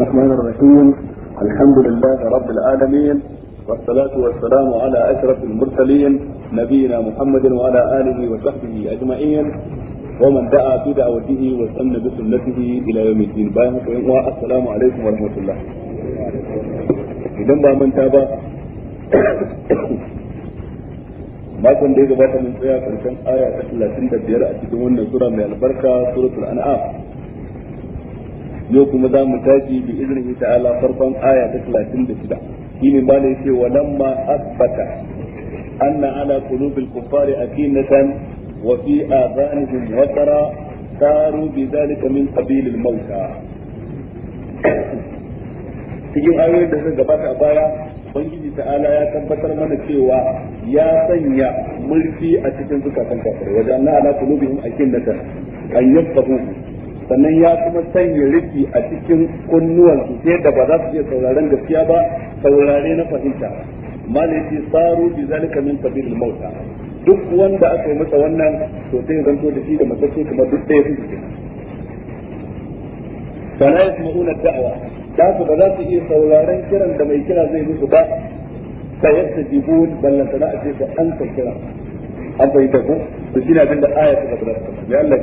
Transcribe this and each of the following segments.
الرحمن الرحيم الحمد لله رب العالمين والصلاة والسلام على أشرف المرسلين نبينا محمد وعلى آله وصحبه أجمعين ومن دعا بدعوته واستنى بسنته إلى يوم الدين باهك السلام عليكم ورحمة الله إذا من تابع ما كان ya من mun tsaya آية aya ta 35 a سورة من البركة سورة الأنعام yau kuma za mu tashi bi iznihi ta'ala farkon aya ta 36 shine ba ne ce walamma asbata na ala qulubil a akinatan wa fi adhanihim waqara saru bi dhalika min qabilil mauta cikin ayoyin da suka gabata a baya ubangiji ta'ala ya tabbatar mana cewa ya sanya mulki a cikin zukatan kafirai wajen na ala qulubihim akinatan an yafqahu sannan ya kuma sanya riki a cikin kunnuwansu sai da ba za su iya sauraren gaskiya ba saurare na fahimta malaiti saru bi zalika min sabilil mauta duk wanda aka yi masa wannan to sai ya zanto da shi da matacce kamar duk ɗaya su cikin sana ya kuma unar da'awa da su ba za su iya sauraren kiran da mai kira zai musu ba ta yadda jibun ballanta na a ce da an ta kira an bai da ku to shi ne abin da aya ta gaba da Allah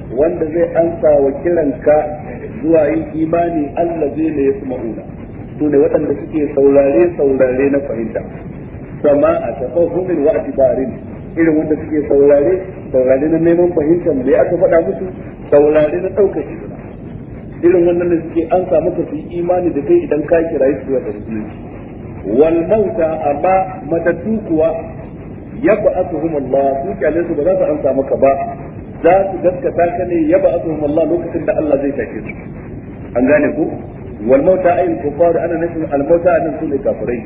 wanda zai ansa wa kiranka zuwa yin imani Allah zai ne ya una su ne waɗanda suke saurare saurare na fahimta sama a tafahumin wa atibarin irin wanda suke saurare saurare na neman fahimta ne aka faɗa musu saurare na ɗaukar shi irin wannan da suke an sa maka su yi imani da kai idan ka kira yi zuwa ga musulunci wal mauta amma matattu kuwa yab'athuhum Allah su kyale su ba za su ansa maka ba za su gaskata ka ne yaba asuhum Allah lokacin da Allah zai take su an gane ku wal mauta ayyul ana nufin al mauta anan sune kafirai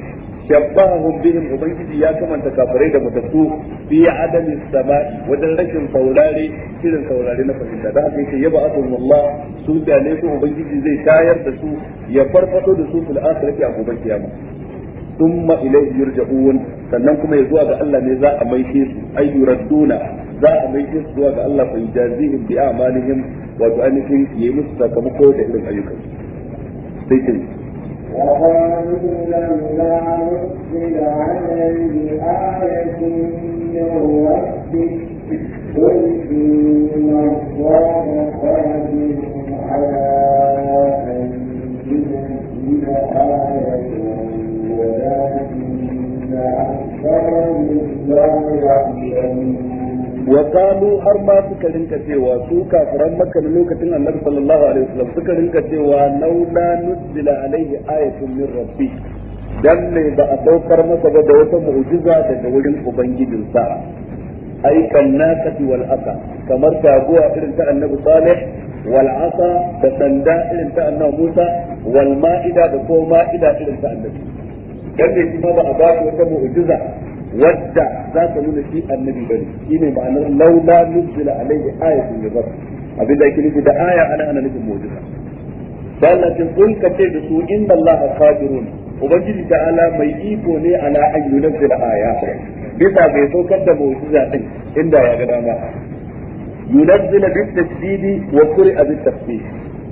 shabbahum bihim ubangiji ya kamanta kafirai da mutattu fi adami samai wajen rashin saurare irin saurare na fahimta da haka yake yaba asun Allah su da ne su ubangiji zai tayar da su ya farfaso da su fil akhirati a gobe kiyama thumma ilayhi yurja'un sannan kuma ya zuwa Allah ne za a maishe su za a maishe zuwa ga Allah fa yujazihim bi a'malihim wa bi anihim yayi musu sakamako da irin ayyukan sai kin وقالوا لولا نزل عليه آية من ربه قل إن الله قادر على أن ينزل آية wa kalu har ma suka rinka cewa su kafiran maka na lokacin annabi sallallahu alaihi wasallam suka rinka cewa laula rabbi dan ne ba a daukar masa ba da wata mu'jiza daga wurin ubangijinsa ai kannakati wal asa kamar taguwa irin ta annabi salih wal asa da sanda irin ta annabi musa wal ma'ida da ko ma'ida irin ta annabi dan da shi ma ba a ba shi wata mu'jiza wadda za ta nuna shi annabi bane shine ma'anar laula nuzila alaihi ayatun min rabb abin da yake nufi da aya ana ana nufin mu'jiza Allah ce kun kace da su inna Allah qadirun ubangiji ala mai iko ne ala ayyunan fil aya bisa bai saukar da mu'jiza din inda ya ga dama ينزل بالتشديد وقرئ بالتخفيف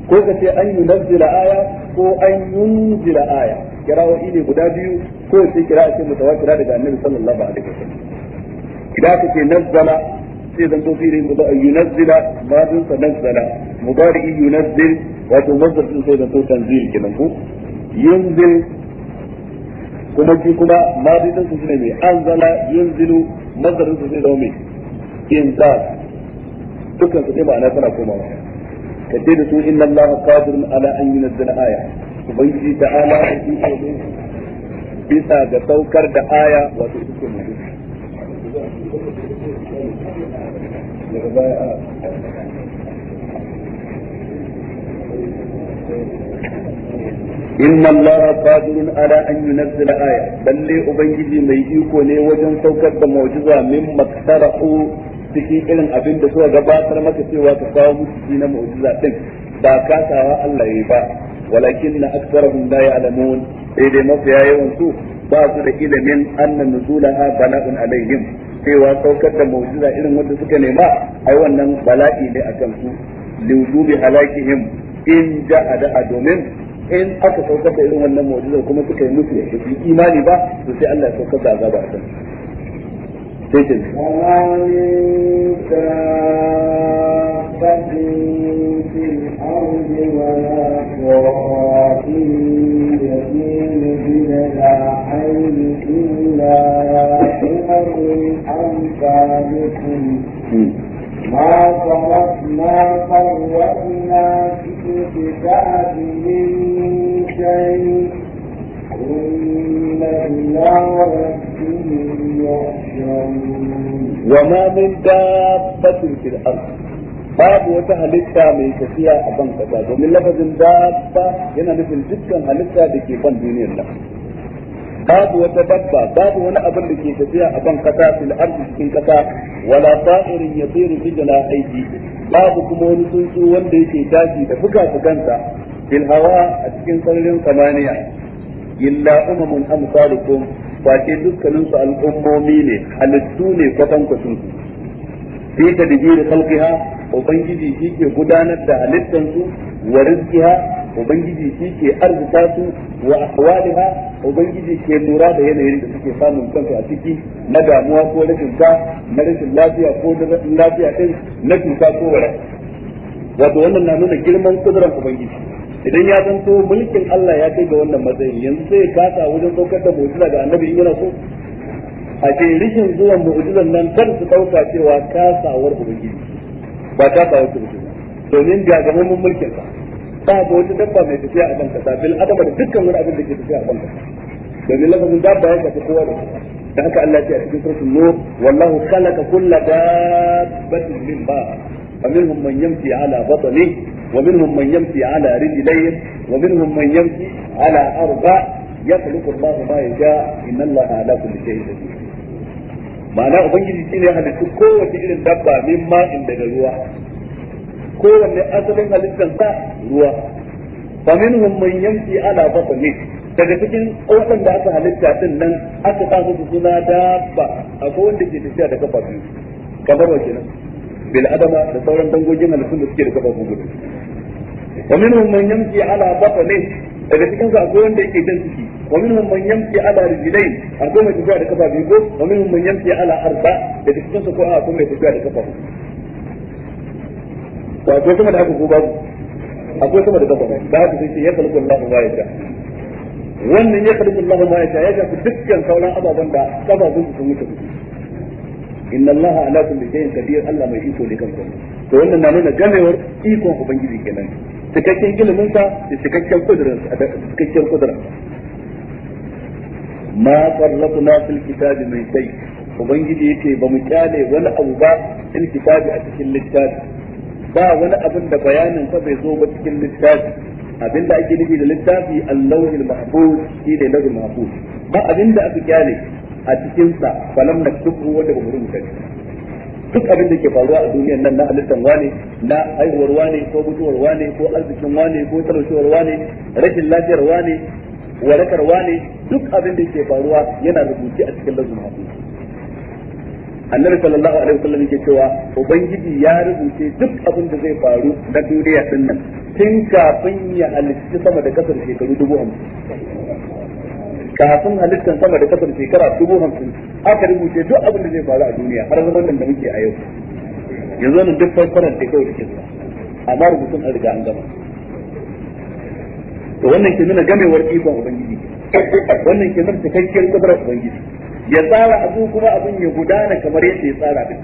ko ka ce an yunazzila aya ko an yunzila aya kira'o'i ne guda biyu ko wace kira'a ce mutawatira daga annabi sallallahu alaihi wasallam idan aka ce nazzala sai zan tofi ne mu yunazzila madin sa nazzala mubari'i yunazzil wato mazdar din sai zan to tanzil kenan ko yunzil kuma shi kuma madin din su ne mai anzala yunzilu mazdar din su sai zama mai inzal dukkan su dai ma'ana tana komawa kace da su inna allaha qadirun ala an yunazzila aya ubangiji ta ala da iko ne bisa ga saukar da aya wato suke ne inna allaha qadirun ala an yunzila aya balle ubangiji mai iko ne wajen saukar da mu'jiza min maktarahu cikin irin abin da suka gabatar maka cewa ka kawo musu na mu'jiza din ba kasawa Allah yayi ba walakin na la ya'lamun sai dai mafiya yawan su ba su da ilimin anna nuzulaha bala'un alaihim cewa saukar da mu'jiza irin wanda suka nema ai wannan bala'i ne akan su liwujubi halakihim in ja'a da domin in aka saukar da irin wannan mu'jiza kuma suka yi musu da shi imani ba to sai Allah ya saukar da azaba a kan الأرض ولا طائر يسير بجناحين إلا أمم أمثالكم ما تركنا فرقنا في كتاب شيء إن إلى ربهم وما من دابة في الأرض babu wata halitta mai tafiya a ban kasa domin lafazin dabba yana nufin dukkan halitta da ke ban duniyar nan babu wata dabba babu wani abin da ke tafiya a ban kasa fil ardi cikin kasa wala ta'irin yatiru bi aiki babu kuma wani tsuntsu wanda yake tashi da buga buganta fil hawa a cikin sararin samaniya illa umamun amsalukum ba ce dukkanin su al'ummomi ne halittu ne kwatankwacinsu fi tadbir khalqiha ubangiji shi ke gudanar da halittan su wa rizqiha ubangiji shi ke arzuta su wa ahwaliha ubangiji ke lura da yanayin da suke samun kansu a ciki na damuwa ko rashin ta na rashin lafiya ko na lafiya din na cuta ko wala wato wannan na nuna girman kudurar ubangiji idan ya zanto mulkin Allah ya kai ga wannan matsayin yanzu sai ya kasa wajen saukar da mutuna ga annabi in yana so a ce rikin zuwan mu'jizan nan kar su dauka cewa kasawar ubangiji ba kasawar su ba domin gagamin mulkin sa ba ba wata dabba mai tafiya a banka bil adama da dukkan wani abin da ke tafiya a banka domin lafazin dabba ya shafi kowa da kowa da haka Allah ya ce a cikin suratul nur wallahu khalaqa kulla dabbatin min ba فمنهم من يمشي على بطنه ومنهم من يمشي على رجليه ومنهم من يمشي على أربع يخلق الله ما يشاء إن الله على كل شيء قدير ma'ana ubangiji shine ya halitta kowace irin dabba min ma'in daga ruwa kowanne asalin halittar sa ruwa fa minhum man yamshi ala batni daga cikin da aka halitta din nan aka sa su suna dabba akwai wanda ke tafiya da kafa biyu kamar wa kenan bil adama da sauran dangogin halittun da suke da kafa biyu wa minhum man yamshi ala batni daga cikin su akwai wanda yake jin ciki wa minhum man yamshi ala rijlayn akwai mai tafiya da kafa biyu ko wa minhum man yamshi ala arba daga cikin su akwai akwai mai tafiya da kafa wa akwai kuma da haka ko babu akwai kuma da kafa da haka sai ya kalku Allah ba ya ta wannan ya kalku Allah ba ya ta ya ga dukkan kaulan ababan da kafa sun su mutu inna Allah ala kulli shay'in qadir Allah mai iko ne kan komai to wannan na nuna ganewar ikon ubangiji kenan cikakken ilimin sa da cikakken kudurin da cikakken kudurin ma farratna fil kitabi mai sai ubangiji yake ba mu kyale wani abu ba fil kitabi a cikin littafi ba wani abin da bayanin sa bai zo ba cikin littafi abinda da ake nufi da littafi allahul mahfuz shi ne lahul mahfuz ba abinda da aka kyale a cikin sa falam naktubu wanda ba mu rubuta duk abin da ke faruwa a duniyar nan na halittar wane na haihuwar wane ko mutuwar wane ko arzikin wane ko talaushewar wane rashin lafiyar wane warakar wane duk abin da ke faruwa yana rubuce a cikin lazun annabi sallallahu alaihi wasallam yake cewa ubangiji ya rubuce duk abin da zai faru na duniya din nan tun kafin ya halitta sama da kasar shekaru dubu hamsin kafin halittar sama da kasar shekara dubu hamsin aka rubuce duk abin da zai faru a duniya har zaman da muke a yau yanzu nan duk farfaran da kawai da ke amma rubutun an riga an gama to wannan ke nuna gamewar ikon ubangiji wannan ke nuna cikakkiyar kudurar ubangiji ya tsara abu kuma abin ya gudana kamar yadda ya tsara da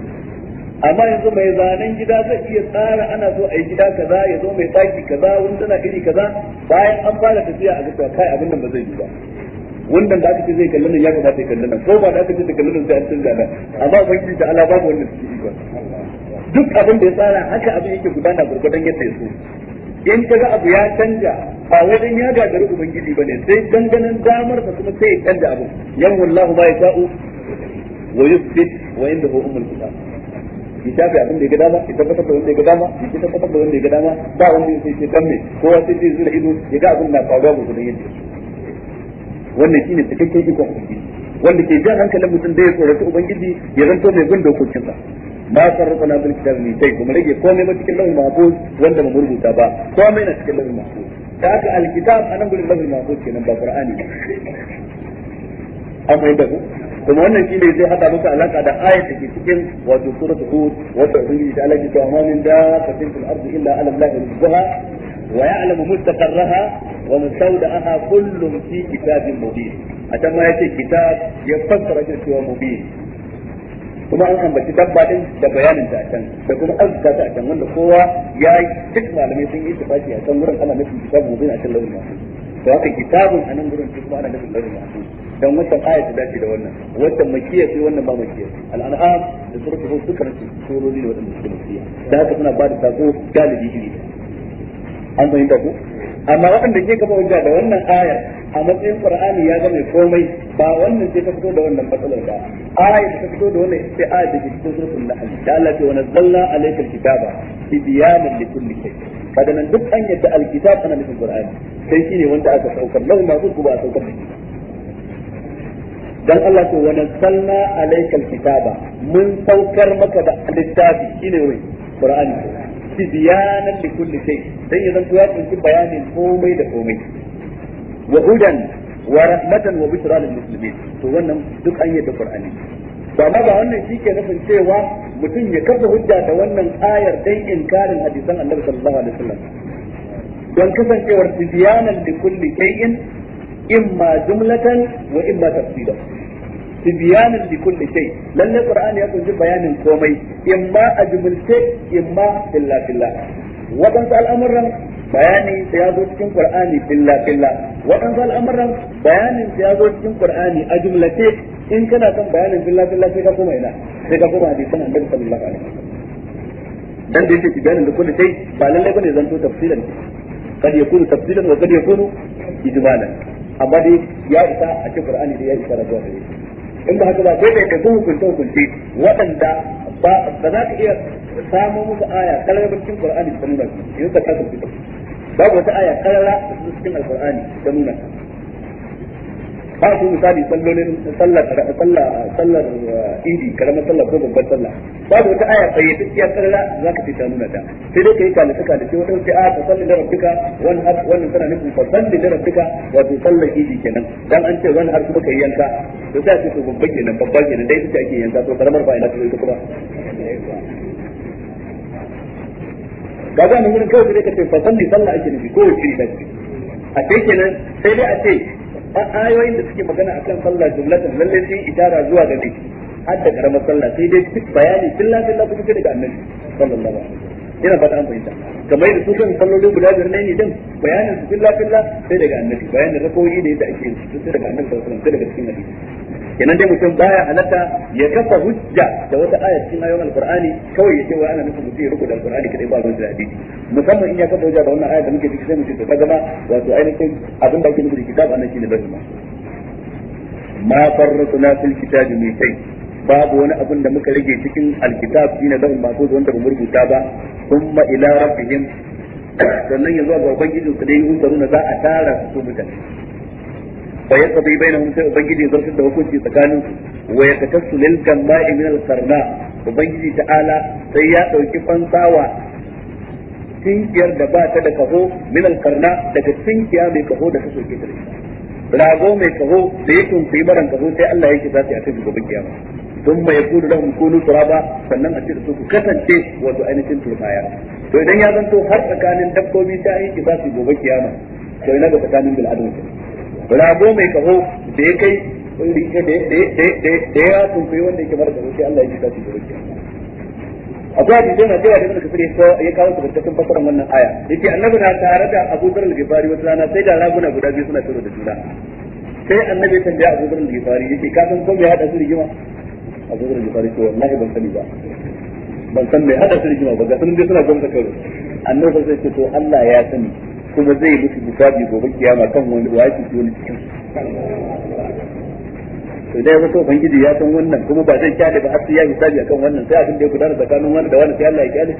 amma yanzu mai zanen gida zai iya tsara ana so a yi gida kaza ya zo mai taki kaza wani tana iri kaza bayan an fara tafiya a ga kai abin nan ba zai yi ba wannan da aka ce zai kalli nan ya kamata ya kalli nan ko ba da aka ce da kalli nan sai an canza nan amma banki da ala babu wannan cikin ikon duk abin da ya tsara haka abin yake gudana gurgudan yadda ya so in kaga abu ya canja ba wajen ya gagari ubangiji bane sai danganan damar ka kuma sai ya canja abu wallahu ba ya sa'u wa yusbit wa indahu umul kitab ya tafi abin da ya ga dama ya tabbatar da wanda ya ga dama ki ce tabbatar da wanda ya ga dama ba wanda ya ce dan me kowa sai zai zura ido ya ga abin na faruwa gurgurdan yadda ya so wannan shine cikakken iko wanda ke jan hankalin mutum da ya tsorata ubangiji ya zanto mai gun dokokinsa ma na bil kitab min shay kuma rage komai ba cikin lauhul mahfuz wanda ba rubuta ba komai na cikin lauhul mahfuz da aka alkitab anan gurin lauhul mahfuz kenan ba qur'ani amma inda ku kuma wannan shine zai hada maka alaka da ayat da ke cikin wato suratul hud wato ubangiji da Allah ya amma min da fatil fil ardi illa ala allahi rizqaha ويعلم مستقرها ومستودعها كل في كتاب مبين أتما يأتي كتاب يفسر سوى مبين kuma an ambaci dabba din da bayanin ta can da kuma an ta can wanda kowa ya yi duk malamai sun yi tafaki a can wurin ana nufin mu mubin a can lauyin masu to haka kitabun a nan wurin duk ana nufin lauyin masu dan wannan aya ta dace da wannan wannan makiya sai wannan ba makiya al'an'am da suratul hud dukkan su surori ne wadanda suke makiya da haka suna ba da sako galibi ne an fahimta ku amma waɗanda ke kafa hujja da wannan aya a matsayin qur'ani ya zama komai ba wannan ce ta fito da wannan matsalar ba aya ta fito da wannan sai aya da ke cikin suratul nahl da Allah ce wa nazzalna alaykal kitaba tibyanan likulli shay kada nan duk an yadda alkitab ana nufin qur'ani sai shine wanda aka saukar lau ma zuku ba saukar dan Allah ce wa nazzalna alaykal kitaba mun saukar maka da littafi shine wai qur'ani tibyanan li kulli shay dan ya zanto ya tsinci bayanin komai da komai wa hudan wa rahmatan wa bushra lil muslimin to wannan duk an yi da qur'ani to amma ba wannan shi ke nufin cewa mutum ya kafa hujja da wannan ayar dan inkarin hadisan annabi sallallahu alaihi wasallam don kasancewar tibyanan li kulli in imma jumlatan wa imma tafsila tibyanan bi kulli shay qur'ani ya kunshi bayanin komai imma a jumulce imma billa billa wadansu al'amuran bayani da ya qur'ani billa billa al'amuran bayanin da ya qur'ani a jumlace in kana son bayanin billa sai ka koma ina sai ka koma hadisan annabi sallallahu alaihi wasallam dan da yake tibyanan bi kulli shay ba lalle bane zanto tafsilan kad yakunu tafsilan wa kad yakunu ijmalan amma dai ya isa a cikin qur'ani da ya isa da da in ba haka ba sai da ɗaiɗaikun hukunce hukunce waɗanda ba za ka iya samun musu aya ƙararrabin cikin Qur'ani da nuna su yanzu ka kasa fito babu wata aya ƙararra da cikin al ta nuna su ba su misali sallolin sallar sallar sallar eh, idi karamar sallar ko babbar sallah babu wata aya tsaye duk ya karra za ka fita nuna ta sai dai kai kalli ka da ke wata wata aya ah, ta salli da rabbika wani har wannan tana nufin fa sallin da rabbika wato sallar idi kenan dan an ce wani har kuma kai yanka to sai ce to babba kenan babba kenan dai ita ake yanka to karamar ba ina ta ita kuma ga ne wurin kawai sai ka ce fa sallin sallah ake nufi ko wacce ne a ce kenan sai dai a ce ayoyin da suke magana akan sallah jumlatan lalle sai idara zuwa ga dai har da karamar sallah sai dai duk bayani billahi billahi kuma sai daga annabi sallallahu alaihi wasallam ina fata an fahimta kamar yadda su kan sallolin guda biyar ne din bayanin su billahi billa sai daga annabi bayanin rakoyi da yadda ake su sai daga annabi sallallahu alaihi wasallam sai daga cikin annabi kenan dai mutum baya halatta ya kafa hujja da wata aya cikin ayoyin alqur'ani kawai ya ce wa ana nufin mutum ya rubuta alqur'ani kadai ba ruwan da hadisi musamman in ya kafa hujja da wannan aya da muke ciki sai mutum to kaga ma wato ainihin abin da ake nufi da kitab annan shine bazuma ma farratuna fil kitabi min shay babu wani abin da muka rage cikin alkitab shine da ba ko wanda ba rubuta ba kuma ila rabbihim sannan yanzu ga ubangijin su dai in zaruna za a tara su mutane fa yaqdi bainahum sai ubangiji ya zartar da hukunci tsakanin su wa yakatassu lil gamba'i min al qarna ubangiji ta'ala sai ya dauki fansawa tinkiyar da ba ta da kaho min al qarna daga tinkiya mai kaho da ta soke ta rago mai kaho da ya tunkuyi maran kaho sai Allah ya kisa sai a tafi gobe kiyama ثم يقول لهم كونوا ترابا sannan a ce da su ku kasance wato ainihin turbaya to idan ya zanto har tsakanin dabbobi ta yi kisa su gobe kiyama to ina ga tsakanin bil adam rago mai kaho da ya kai da ya tunkuyi wanda yake mara kaho sai Allah ya ji tashi da rukiya akwai hadisi na cewa da ibn kafir ya kawo su cikin fasaran wannan aya yace annabi na tare da Abu Dharr al-Ghifari wata rana sai da raguna guda biyu suna tsoro da juna sai annabi ya tambaya Abu Dharr al-Ghifari yace ka san ko me ya hada su rigima Abu Dharr al-Ghifari ce wallahi ban sani ba ban san me hada su rigima ba ga sanin dai suna gwamnati kawai annabi sai ce to Allah ya sani kuma zai musu hisabi gobe kiyama kan wani waki wani cikin to dai wato ubangiji ya san wannan kuma ba zai kyale ba har sai ya hisabi akan wannan sai abin da ya gudana tsakanin wani da wani sai Allah ya kyale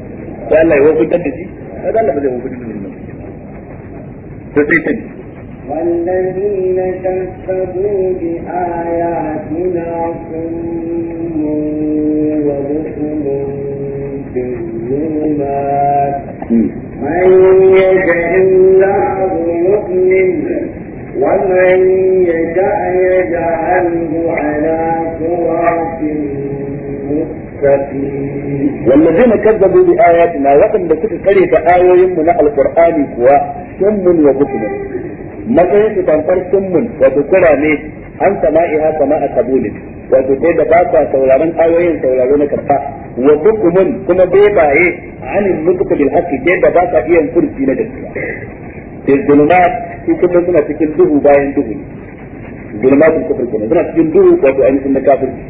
sai Allah ya hukuntar da shi sai Allah ba zai hukuntar da wannan to sai ta والذين كذبوا بآياتنا صم وبكم في الظلمات من يشاء الله يؤمن ومن يشاء يجعله على صراط والذين كذبوا بآياتنا وقد سكت قرية آيوين من القرآن كوا سم وبكم matsayin su tamfar summun wato kura ne an sama'iha sama'a kabulin wato sai da ba sa sauraron ayoyin sauraro na karfa wa bukumun kuma bebaye anin nutqu bil haqqi sai da ba sa iya kursi na gaskiya sai zulumat su kuma suna cikin duhu bayan duhu zulumatul kufr kenan suna cikin duhu wato ainihin na kafirci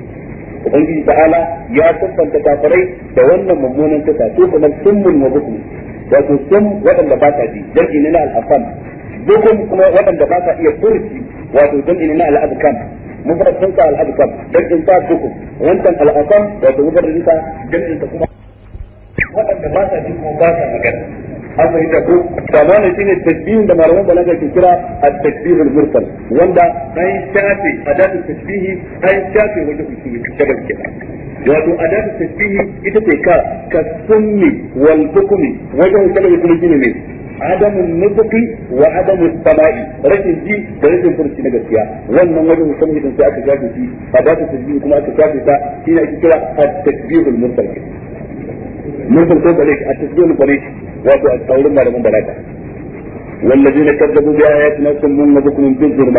ubangiji ta'ala ya tabbanta kafirai da wannan mummunan kasa su kuma summun wa bukum wato sun wadanda ba sa ji dan inna al-afam ko kuma waɗanda ba sa iya furci wato don ina na al'azkam mubarak sun sa al'azkam dan in ta kuku wancan al'azkam wato mubarak sun sa dan in ta kuma waɗanda ba sa jin ko ba sa magana an fahimta ko sabana shine tasbihin da malaman balaga ke kira at-tasbih al-mursal wanda an shafe adatu tasbihi an shafe wajen usuli ta gaske wato adatu tasbihi ita ce ka kasummi wal hukmi wajen usuli kuma shine ne عدم النطق وعدم الصلاة رجل دي رجل فرسي نجسيا وانا مجل مسلمه في انتعاك جاكي في فباك تجبين كما انتعاك جاكي في اجتلاع التكبير المنطلق منطلق عليك التكبير المنطلق واتو التولم على من بلاتا والذين كذبوا بآياتنا ثم نبقوا من ذلك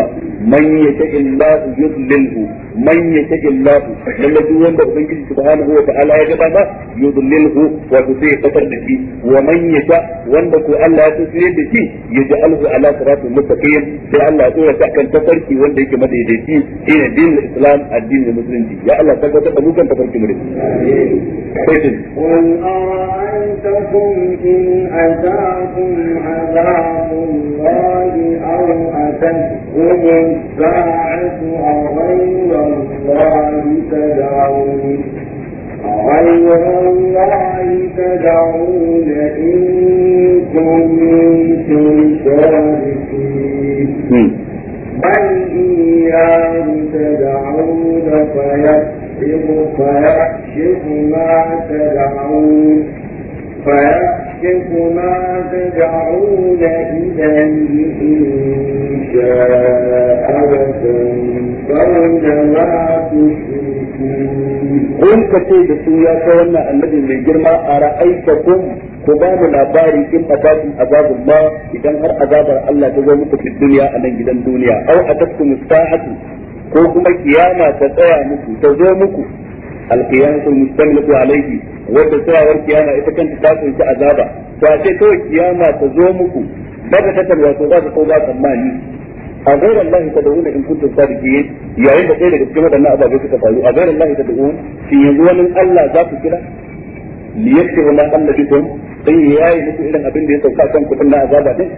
من يشاء الله يضلله man yashadi Allah dan duk wanda ubangiji subhanahu wa ta'ala ya gaba ba yudlilhu wa sai fatar da shi wa man yasha wanda ko Allah ya tsire da shi yaj'alhu ala siratin mustaqim sai Allah ya tsora tafarki wanda yake madaidaici ina din islam addinin musulunci ya Allah ka tabbata mu kan tafarki mu قل أرأيتكم إن أتاكم عذاب الله أو أتتكم الساعة أغير الله تدعون غير الله تدعون إن كنتم صادقين بل إياه تدعون فيكشف فيكشف ما تدعون فيكشف يحدث ما تدعون إليه إن شاء وتنفون ما تشركون قل كتيب سويا كوانا الذي من جرما أرأيتكم ku ba mu labari in atakum azabun ba idan har azabar Allah ta zo muku cikin duniya a nan gidan duniya aw atakum sa'atu ko kuma kiyama ta tsaya muku ta zo muku al-qiyamatu mustamilatu alayhi wanda tsayawar kiyama ita kanta ta kunshi azaba to a ce kawai kiyama ta zo muku daga tatar wato za ta ko ba tsammani a gairar lahi ta da'una in kuntum sadiqin yayin da ɗaya daga cikin waɗannan ababe suka faru a gairar lahi ta da'un shin yanzu wani Allah za ku kira liyakti wa ma'an da bikum dan yayi muku irin abin da ya sauka kan kudin na azaba din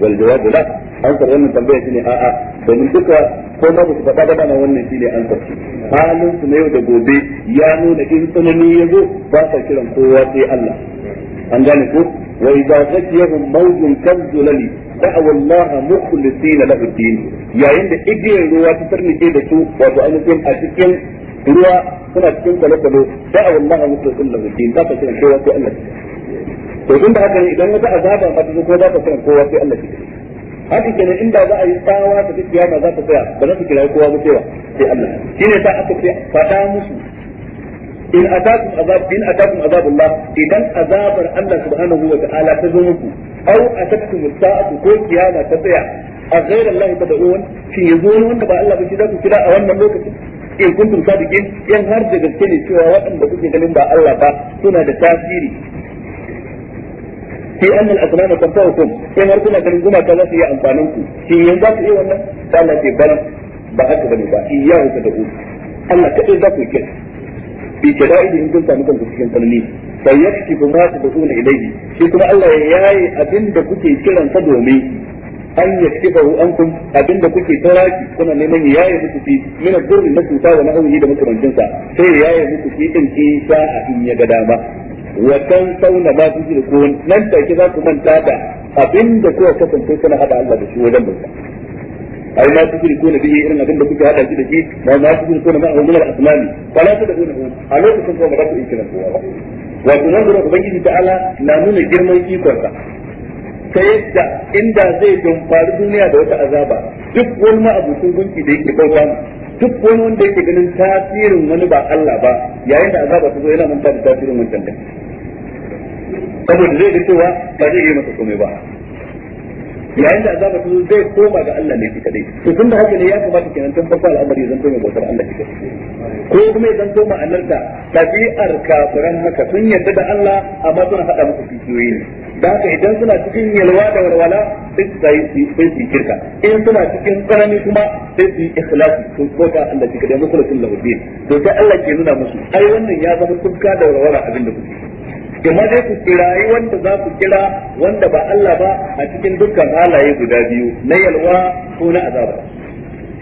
wal jawabu la an wannan tambaya shine a'a domin duka ko ba su faɗa ba wannan shi ne an sarki halin su na yau da gobe ya nuna in tsanani ya zo ba sa kiran kowa sai Allah an gane ko wai wa idza zakiyahum mawjun kazzulali da'aw Allah mukhlisina lahu din yayin da igiyar ruwa ta tarnike da su wato ainihin a cikin ruwa suna cikin kwale-kwale da'aw Allah mukhlisina lahu din ba sa kiran kowa sai Allah to tun da haka idan wata azaba ba ta zo ko ba ta kiran kowa sai Allah haka kenan inda za a yi tsawa ta tafiya ba za ta tsaya ba za ta kira kowa ba cewa sai Allah ne ta aka ce fada musu in atakum azab in atakum azabullah idan azabar Allah subhanahu wa ta'ala ta zo muku aw atakum sa'atu ko kiyama ta tsaya a ghayra Allah tad'un shin yazo wani wanda ba Allah ba shi za ku kira a wannan lokacin in kuntum sadiqin yan har da gaske ne cewa waɗanda kuke ganin ba Allah ba suna da tasiri fi anna al-asnam tanfa'ukum in har kuna ganin gumaka za su yi amfanin ku shin yanzu za su yi wannan sai Allah ce bal ba haka bane ba iyyahu tad'u Allah kadai za ku kira fi shada'idi in kun samu kanku cikin tsanani sai yaktibu ma tad'una ilayhi shi kuma Allah ya yayi abinda kuke kiran ka domin an yaktibahu ankum abinda kuke taraki kuna neman ya yi muku fi min gurbin na cuta wa na'uhi da makamancin sa sai ya yi muku fi din ki a in ya ga dama wa kan sauna ba su ko nan take za ku manta da abinda kuka kasance suna hada Allah da shi wajen bauta ai ma su shirku na bihi irin abinda da kuke hada shi da shi ma ma su shirku na ma'a umar asmani fala ta da'una hu a lokacin kuma ba za ku yi kiran kowa ba wato nan gurin ubangiji ta'ala na nuna girman ikonsa ta yadda inda zai dumfari duniya da wata azaba duk wani ma'abucin gunki da yake bauta duk wani wanda yake ganin tasirin wani ba Allah ba yayin da azaba ta zo yana manta da tasirin wancan da saboda zai ga cewa ba zai yi masa komai ba yayin da azaba ta zo zai koma ga Allah ne kadai to tun da haka ne ya kamata kenan tun farko al'amari ya zanto mai bautar Allah kadai ko kuma ya zanto ma'anarta tabi'ar kafiran haka sun yadda da Allah amma suna hada musu fitiyoyi ne da haka idan suna cikin yalwa da walwala sai su yi sai su kirka in suna cikin tsanani kuma sai su yi ikhlasi to ko ta Allah ki kadai musulmin lahudin to sai Allah ke nuna musu ai wannan ya zama tubka da walwala abin da kuke kuma dai ku kirayi wanda za ku kira wanda ba Allah ba a cikin dukkan halaye guda biyu na yalwa ko na azaba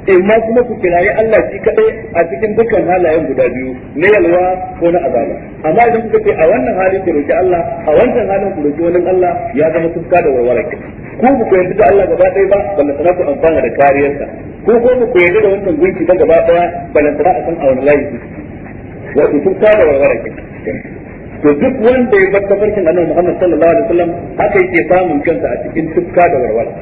imma kuma ku kirayi Allah shi kadai a cikin dukkan halayen guda biyu na yalwa ko na azaba amma idan kuka ce a wannan halin ku roki Allah a wannan halin ku roki wani Allah ya zama tufka da warware ku ku ku yarda da Allah gaba ɗaya ba balle sana ku amfana da kariyarsa ku ko ba ku yarda da wannan gunki ba gaba ɗaya balle sana a san a wani layi wato tufka da warware ku to duk wanda ya bar tafarkin Annabi Muhammad sallallahu alaihi wasallam haka yake samun kansa a cikin tufka da warware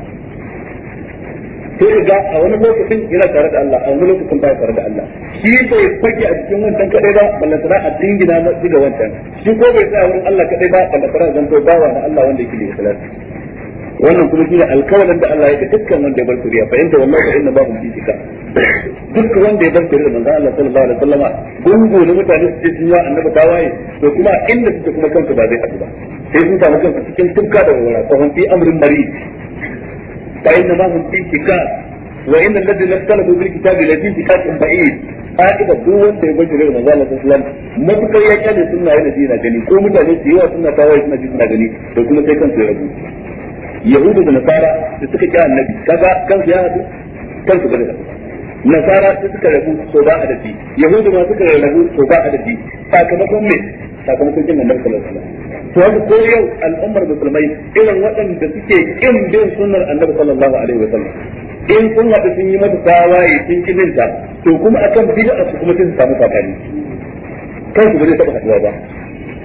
sai ga a wani lokacin yana tare da Allah a wani lokacin ba tare da Allah shi bai fage a cikin wancan kadai ba balla sana a dingina na diga wancan shi ko bai tsaya wurin Allah kadai ba balla sana zan to bawa na Allah wanda yake da salati wannan kuma shi ne alkawarin da Allah ya ga dukkan wanda ya bar kuriya fa inda wallahi inna babu fitika duk wanda ya bar kuriya manzo Allah sallallahu alaihi wasallama gungu ne mutane su ji wa annabi tawaye to kuma inda suke kuma kanka ba zai haɗu ba sai sun samu kansu cikin tukka da wara tsohon fi amrin mari فإنما هم في شكاك وإن الذين اختلفوا في الكتاب لفي شكاك بعيد fa'ida duk wanda ya bayyana da manzo Allah sallallahu matukar ya kyale sunna yana ji na gani ko mutane su yawa suna tawaye suna ji suna gani to kuma sai kansu ya rabu yahudu da nasara da suka kya annabi kaga kansu ya hadu kansu ba da nasara su suka rabu so ba ma so ba sakamakon kin annabi sallallahu alaihi wasallam to haka ko yau al'ummar musulmai irin waɗanda suke kin bin sunnar annabi sallallahu alaihi wasallam in kun haɗu sun yi mata tawaye sun ki bin ta to kuma akan bid'a su kuma sun samu sakani kansu ku zai taɓa haɗuwa ba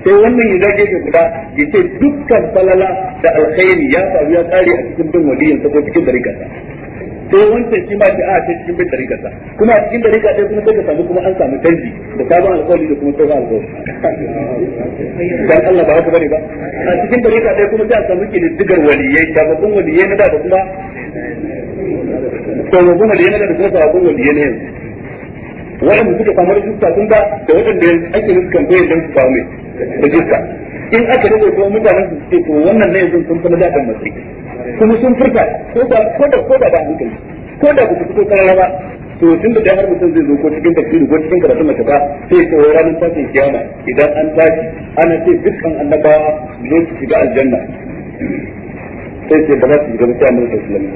to wannan ya ke shi guda ya ce dukkan falala da alkhairi ya faru ya tsare a cikin bin waliyin sa ko cikin dariƙarsa sai wancan shi ma a ce ah, cikin bin dariƙa sa kuma a cikin dariƙa sai kuma sai ka samu kuma an samu canji da sabon alƙawari da kuma sauran alƙawari dan Allah ba haka bane ba a cikin dariƙa sai kuma sai a samu kididdigar waliyai da babban waliyai na da da kuma sababbin waliyai na da da kuma sababbin waliyai na yanzu waɗanda suka samu rajista sun ba da waɗanda ake nufi kamfani don su samu rajista in aka rage kuma mutanen su suke to wannan ne yanzu sun fi na da kan masu kuma sun furta ko da ko da ko da ba hankali ko da ku ko karara ba to tun da har mutum zai zo ko cikin tafsiri ko cikin karatu mace ba sai ta wai ranar tashin kiyama idan an tashi ana ce dukkan annabawa zo su shiga aljanna sai ce ba za su shiga ba sai annabi sallallahu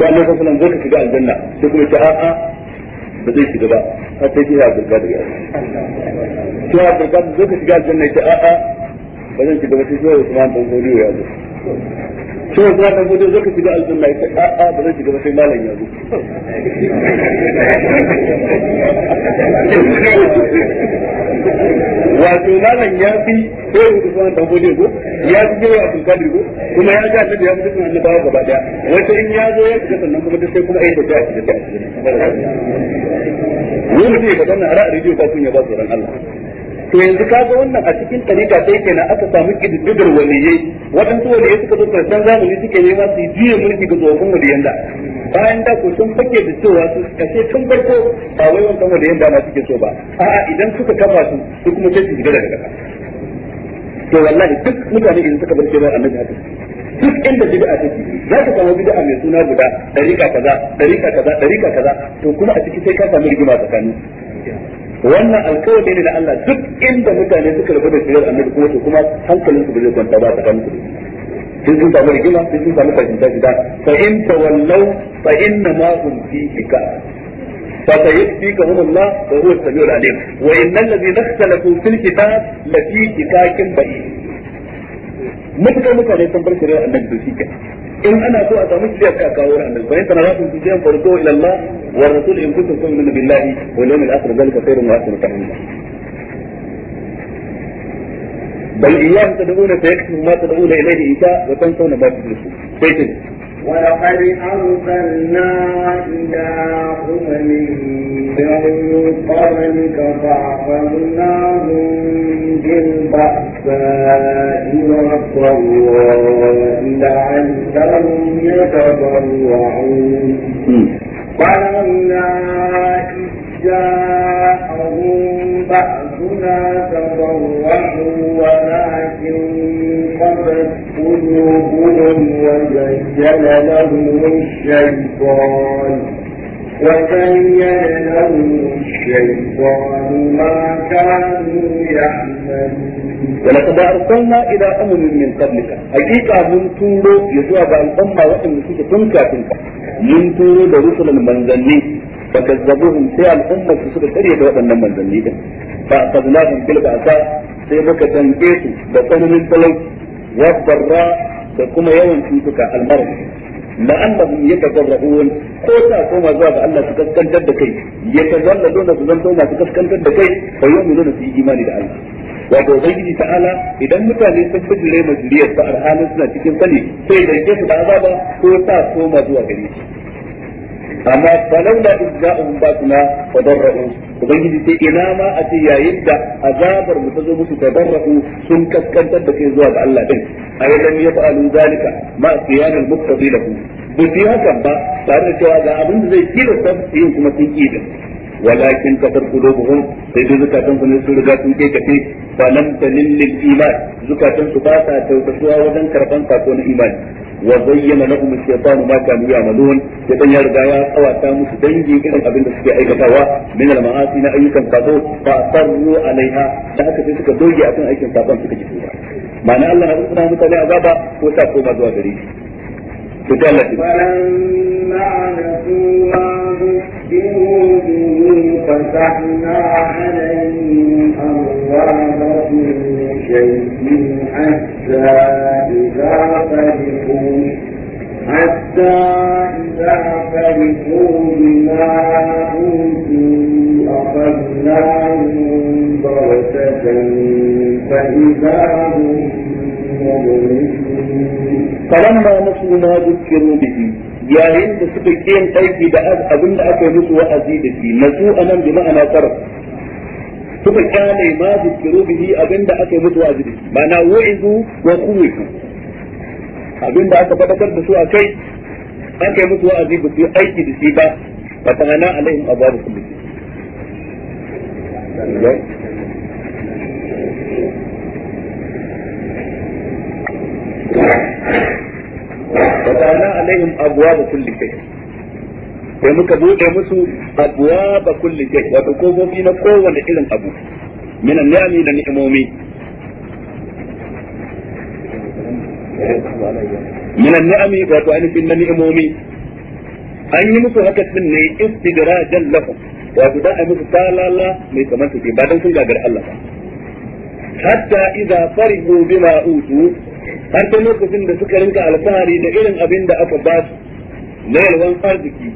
alaihi wasallam sai annabi sallallahu alaihi wasallam zo shiga aljanna sai kuma ce a'a ba zai shiga ba har sai ya burga da ya to ya burga zo ka shiga aljanna ce a'a ba zan shiga wata zuwa Usman dan Godiyo ya zo shi Usman dan Godiyo zaka shiga aljanna ya a a ba zan shiga sai malam ya zo wato malam ya fi Godiyo ko ya fi yawa Abdul Kadir ko kuma ya ga annabi ya fi dukkan annabawa gaba daya wata in ya zo ya shiga sannan kuma sai kuma ai da ta shiga ta ne mutum ya ga wannan ra'ayi rediyo ba kun ya ba tsoron Allah to yanzu ga wannan a cikin tarika sai kenan aka samu kididdigar waliyai waɗansu waliyai suka zo karshen zamani suke nema su juye mulki ga tsofaffin waliyan da bayan da ko sun fake da cewa su kashe tun farko ba wai wannan waliyan da ma suke so ba a'a idan suka kafa su su kuma sai su shiga daga kasa to wallahi duk mutane idan suka bar cewa annabi haka duk inda bid'a take za ka samu bid'a mai suna guda dariƙa kaza dariƙa kaza dariƙa kaza to kuma a ciki sai ka samu rigima tsakanin wannan alkawari ne na Allah duk inda mutane suka rubuta shirar annabi kuma su kuma hankalin su bai kwanta ba ta kan su sun sun samu rigima sun sun samu fahimta gida fa in tawallaw fa inna ma hum fi shika fa sayakfikahum Allah wa huwa as-sami'ul 'alim wa innal ladhina ikhtalafu fil kitab lafi shikakin ba'id mutukar mutane sun bar shirar annabi to shi kenan in ana so a samu shirya sai a kawo ran annabi bayan tana rafu shirya farko ila Allah wa rasul in kuntum tu'minuna billahi wal yawmil akhir zalika khairun wa ahsanu ta'wila بل إياه تدعون فيكتب ما تدعون إليه إيتاء وتنسون ما تدركون. ولقد أرسلنا إلى أمم من قبلك فأخذناهم بالبأساء والضراء لعلهم يتضرعون فلولا إذ جاءهم بأسنا تضرعوا ولكن قست قلوبهم وزين لهم الشيطان وزين لهم الشيطان ما كانوا يعملون ولقد أرسلنا إلى أمم من قبلك حقيقة من تورو يزوى بالأمة وإن نسيك تنكا تنكا من تورو لرسل المنزلين فكذبوهم في الأمة في سورة سرية وأن المنزلين فأخذناهم بالبعثاء sai muka tanke su da tsananin talauci wadda da kuma yawan cutuka almarar la'annahum yatadarrun ko ta koma zuwa ga Allah su kaskantar da kai yatazallaluna su zanto masu kaskantar da kai fa yu'minuna su imani da Allah wato ubangiji ta'ala idan mutane sun bijire majuriyar sa arhanin suna cikin sani sai da su da azaba ko ta koma zuwa gare shi amma falan da izga'uhum na tadarru ubangiji sai ina ma a ce yayin da azabar mu ta zo musu tadarru sun kaskantar da kai zuwa ga Allah din ay lam yaf'alu zalika ma qiyam al-muqtadi lahu bi hakan ba tare da cewa ga abin da zai kila tafsirin kuma sun kida walakin kasar qulubuhum sai dai zukatan su ne sun riga sun kai kace falam iman zukatan su basa sa tautasuwa karban sako na imani wa zayyana lahum ash-shaytanu ma kanu ya'malun dan ya riga ya kawata musu dangi irin abin da suke aikatawa min al-ma'asi na ayyukan sako fa sarru alaiha da haka sai suka doge akan aikin sakon suka ji ma'ana Allah ya rubuta mutane azaba ko sako ba zuwa gare shi فلما نسوا ما ذكروا به وفتحنا عليهم أبواب كل شيء حتى إذا فرحوا حتى إذا فرحوا بما أوتوا أخذناهم بغتة فإذا هم مبلسون فلما نسوا ما ذكروا به yayin da suka yin aiki da abin da aka yi musu wa'azi da shi nasu anan bi ma'ana tsara suka kyale ma zikiru bihi abin da aka yi musu wa'azi da shi ma'ana wa'izu wa kuwitu abin da aka fadakar da su a kai aka yi musu wa'azi da su aiki da shi ba ba fa ta'ana alaihim azabu da Thank you. fa ta'ala alaihim abwaaba kulli shay sai muka bude musu ba kulli shay wato kofofi na kowanne irin abu Minan niami da ni'imomi Minan an-ni'ami wato ainihin na ni'imomi an yi musu haka din ne istidrajan lahum wato da a musu talala mai kamar su ba dan sun gagar Allah ba hatta idza farihu bima utu har ta lokacin da suka rinka alfahari da irin abin da aka ba su na yalwan arziki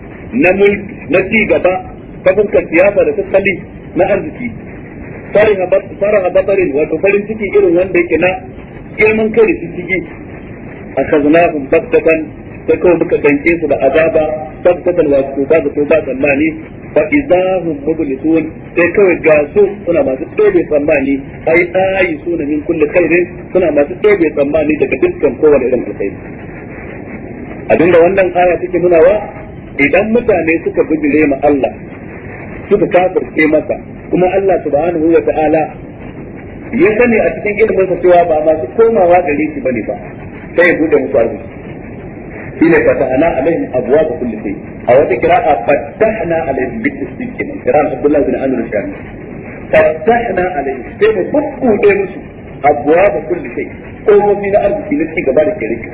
na mulki na ci gaba ta fuskar siyasa da tattali na arziki faraha batarin wato farin ciki irin wanda yake na girman kai da ciki a kaznahum baktatan sai kawai muka danke su da azaba tabbatal wa su ba su ba tsammani fa idahum mublisun sai kawai ga su suna masu tsebe tsammani ai ayi suna min kulli khairin suna masu tsebe tsammani daga dukkan kowane irin Abin da wannan aya take nunawa idan mutane suka bijire ma Allah suka kafirce masa kuma Allah subhanahu wa ta'ala ya sani a cikin ilimin cewa ba masu komawa gare shi bane ba sai ya bude musu arziki shine fatahna alaihim abwaab kulli shay a wata qira'a fatahna alaihim bi tasdiqin qira'a Abdullah bin Amr al fatahna alaihim sai mu bubbude musu abwaab kulli shay na arziki na cigaba da ke rike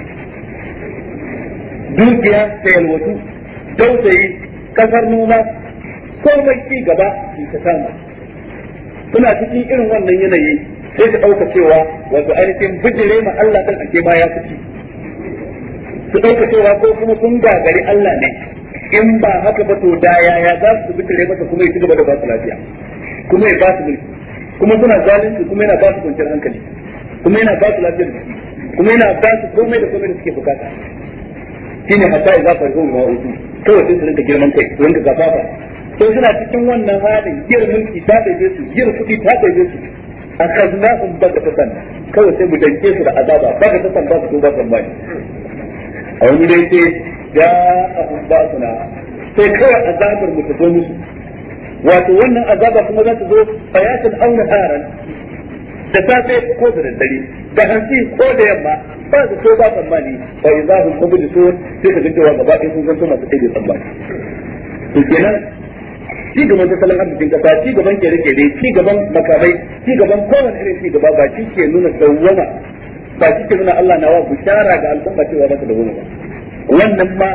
dukiya sayar wasu dausayi kasar noma komai ci gaba ki ta samu suna cikin irin wannan yanayi sai ka ɗauka cewa wato ainihin bijire ma Allah dan ake baya kuci su ɗauka cewa ko kuma sun gagari Allah ne in ba haka ba to da yaya za su tare masa kuma ya ci gaba da ba su lafiya kuma ya ba su mulki kuma suna zalunci kuma yana ba su kwanciyar hankali kuma yana ba su lafiyar jiki kuma yana ba su komai da komai da suke bukata shine hatta zafa farhu ma utu kawai sai su rinka girman kai su rinka gafafa to suna cikin wannan halin giyar mulki ta bai su giyar kuɗi ta bai su akaznahum baghtatan kawai sai mu danke su da azaba baghtatan ba su ko ba tsammani a wani dai ce ya ahun ba suna sai kawai azabar mu ta zo musu wato wannan azaba kuma za ta zo fayatin auna haran da safe ko da daddare da hantsi ko da yamma ba su so ba tsammani fa idza hum qabdu sur sai ka gaggawa gaba ɗaya sun zanto masu ɗaya tsammani to kenan ci gaban tattalin arzikin kasa ci gaban kere-kere ci gaban makamai ci gaban kowane irin ci gaba ba shi ke nuna dawwama ba shi ke nuna Allah na wa bishara ga al'umma cewa ba su da goma ba wannan ma